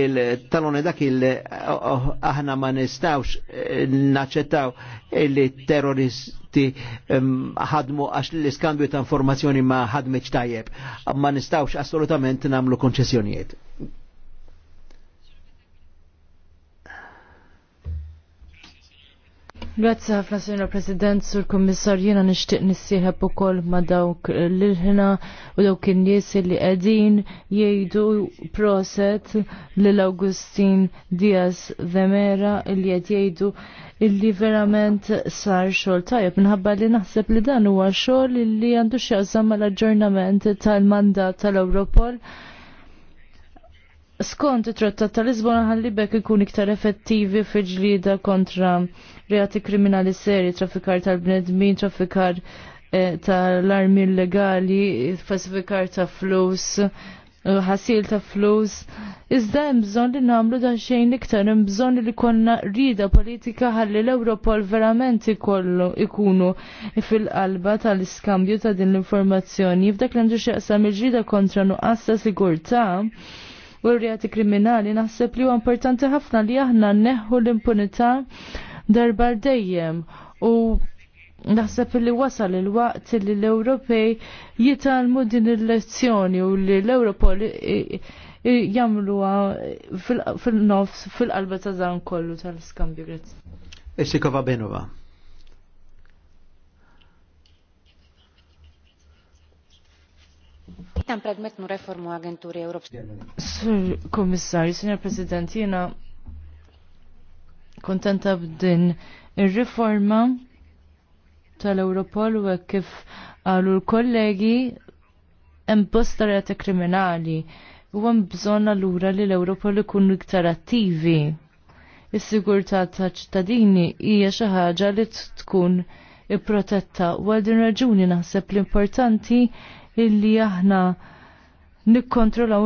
il-talone dak il aħna ma nistawx e, naċċettaw li terroristi ħadmu għax l-iskambju ta' informazzjoni ma ħadmeċ tajjeb. Ma nistawx assolutament namlu konċessjonijiet. Grazzi ħafna Signor President, Sur Kummissar, jiena nixtieq nissieħeb ukoll ma' dawk l-ħina u dawk in-nies li qegħdin jgħidu proset lil Augustin Diaz Vemera li qed jgħidu illi verament sar xogħol tajjeb minħabba li naħseb li dan huwa xogħol li għandu x'jaqsam mal-aġġornament tal-mandat tal-Europol. tal mandat tal europol tal skont it-trattat tal Lisbona ħalli bekk ikun iktar effettivi fil-ġlida kontra reati kriminali seri, trafikar tal-bnedmin, trafikar eh, tal-armi illegali, falsifikar ta' flus, eh, ħasil ta' flus. Iżda hemm bżonn li nagħmlu da xejn iktar, hemm bżonn li konna rida politika ħalli l-Ewropol verament ikollu ikunu fil-qalba tal-iskambju ta' din l-informazzjoni. F'dak l-għandu xieqsam il-ġrida kontra nuqqas ta' sigurtà u r-reati kriminali naħseb li huwa importanti ħafna li aħna neħħu l-impunità darba dejjem u Naħseb li wasal il-waqt li l-Ewropej jitalmu din il-lezzjoni u li l ewropol jamluwa fil-nofs fil-qalba ta' dan kollu tal-skambju. Issika Benova. Tan predmet nu reformu agenturi Europej. Sur Komissarju, Sinjor President, jiena kontenta b'din ir-riforma tal-Europol u kif għalu l-kollegi impostarjati kriminali u għan bżon għallura li l-Europol ikunu iktar attivi. Is-sigurtà ta' ċittadini hija xi ħaġa li tkun ipprotetta u għal din raġuni naħseb l-importanti illi aħna u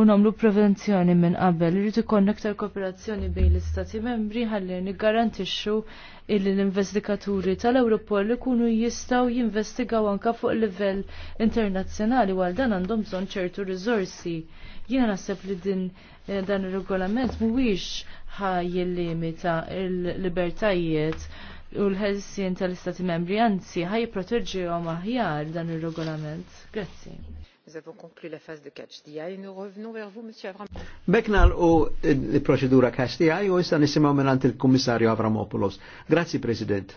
nagħmlu prevenzjoni minn qabel. Irid ikun aktar kooperazzjoni bejn l-istati membri ħalli niggarantixxu illi l-investigaturi tal ewropol ikunu jistgħu jinvestigaw anke fuq livell internazzjonali għal dan għandhom bżonn ċertu riżorsi. Jiena naħseb li din eh, dan ir-regolament mhuwiex ħaj limita l-libertajiet u l-ħelsien tal-Istati membri, għanzi ħaj proteġġihom aħjar dan il regolament Grazzi. Nous avons conclu la phase de catch DI et nous revenons vers vous, Monsieur Avramopoulos. Beknal u il-proċedura catch DI u issa nisimaw menant il kommissarju Avramopoulos. Grazzi, President.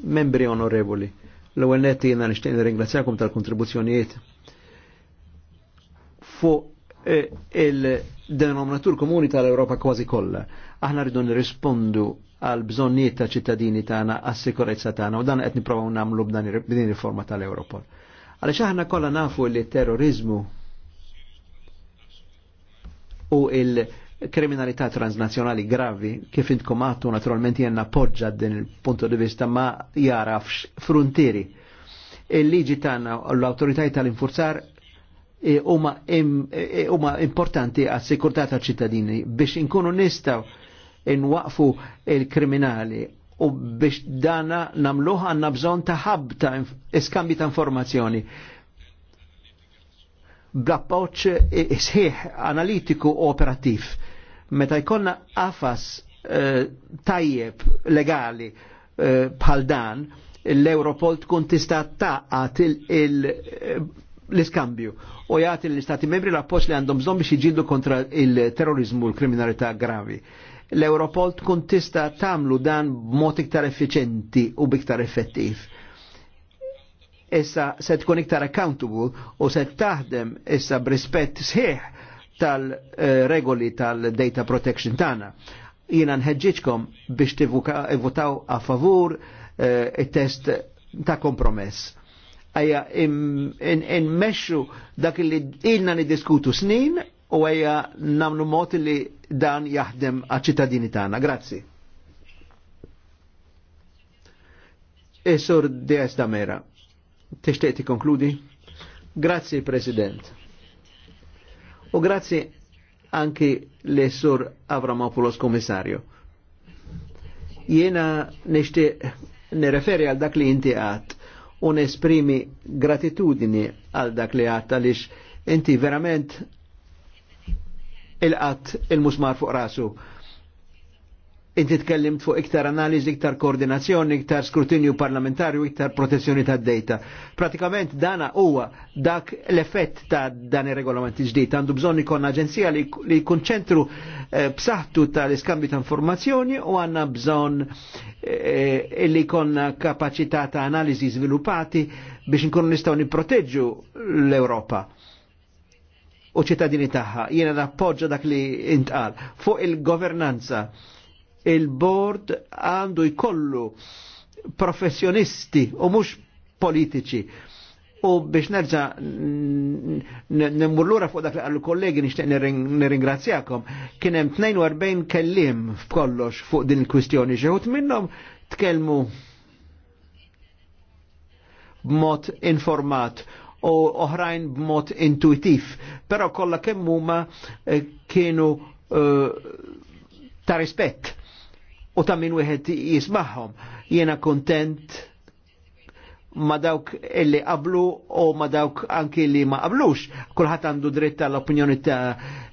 Membri onorevoli, l-ewwel netti jiena nixtieq nirringrazzjakom tal-kontribuzzjonijiet Fu eh, il-denominatur komuni tal-Europa kważi kolla, Aħna rridu nirrispondu għal bżonniet ta' ċittadini tagħna għas-sikurezza tagħna u dan qed nipprovaw nagħmlu b'dan din riforma tal ewropol Għaliex aħna kollha nafu li terrorizmu u il-kriminalità transnazjonali gravi kif intkom għattu naturalment jenna poġġa din il-punto di vista ma jara frontieri. Il-liġi tagħna u l-awtoritajiet tal-infurzar e e huma importanti għas-sikurtà tal-ċittadini biex inkunu nistgħu inwaqfu il-kriminali u biex dana namluħ għanna bżon ta' ħabta iskambi ta' informazzjoni. Blappoċ eh, sħiħ analitiku u operattiv. Meta jkollna għafas eh, tajjeb legali eh, bħal dan, l-Europol tkun tista' taqqat l-iskambju u jagħti l-Istati membri l-appoġġ li għandhom bżonn biex jiġidu kontra il-terrorizmu u l-kriminalità gravi l-Europol tkun tista tamlu dan b'mod iktar effiċenti u biktar effettiv. Issa se tkun iktar accountable u se taħdem issa b'rispett sħiħ tal-regoli tal-data protection tagħna. Jiena nħeġġiġkom biex tivutaw a favur eh, it il-test ta' kompromess. Għajja nmexxu dak li ilna niddiskutu snin u għajja namlu mod li dan jaħdem għal-ċittadini tagħna. Grazzi. Esor Dias Damera, tixtieq konkludi? Grazzi President. U grazzi anki l-Esor Avramopoulos Komissarju. Jiena nixtieq nireferi għal dak li inti għat u nesprimi gratitudini għal dak li għat għalix inti verament il-qatt il-musmar fuq rasu. Inti tkellimt fuq iktar analiżi, iktar koordinazzjoni, iktar skrutinju parlamentarju, iktar protezzjoni ta' data. Pratikament dana huwa dak l-effett ta' dan ir-regolamenti ġdid. Għandu bżonn ikon aġenzija li, li jkun ċentru eh, b'saħħtu tal-iskambju ta' informazzjoni u għandna bżonn eh, li jkun kapaċità ta' analiżi sviluppati biex nkunu nistgħu nipproteġġu l-Ewropa u ċittadini tagħha. Jiena nappoġġa dak li intqal. Fuq il-governanza, il-board għandu jkollu professjonisti u mhux politiċi. U biex nerġa nemmurlura fuq dak li għallu kollegi nishtiq nirringrazzjakom, kien hemm 42 kellim f'kollox fuq din il-kwistjoni ġeħut minnhom tkellmu b'mod informat u oħrajn b'mod intuitiv. Però kollha kemm huma eh, kienu eh, ta' rispett u ta' min wieħed jismagħhom. Jiena kontent ma dawk illi qablu u ma dawk anki li ma qablux. Kulħadd għandu dritt tal-opinjoni ta'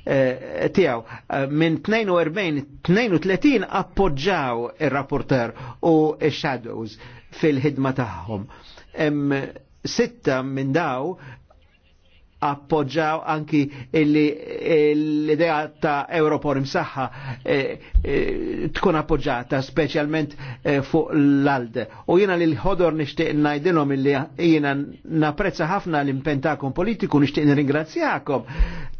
eh, tiegħu. Minn 42-32 appoġġaw ir-rapporter u x-shadows fil-ħidma tagħhom sitta minn daw appoġġaw anki l-idea ta' Europol imsaħħa e, e, tkun appoġġata speċjalment e, fuq l-alde. U jiena li l-ħodor nixtieq ngħidilhom illi jiena napprezza ħafna l-impentakom politiku nixtieq nirringrazzjakom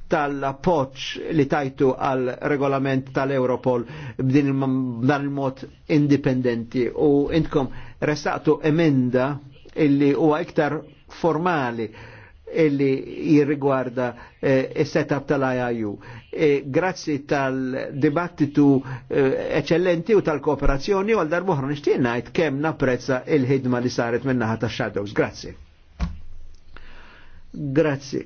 tal-appoċ li tajtu għal regolament tal-Europol b'din il-mod indipendenti u intkom restaqtu emenda illi huwa iktar formali illi jirrigwarda eh, is-setup tal-IIU. Eh, grazzi tal-dibattitu eh, eccellenti u tal-kooperazzjoni u għal darbohra nixtieq ngħid kemm napprezza il-ħidma li saret minnaħa tax-Shadows. Grazzi. Grazzi.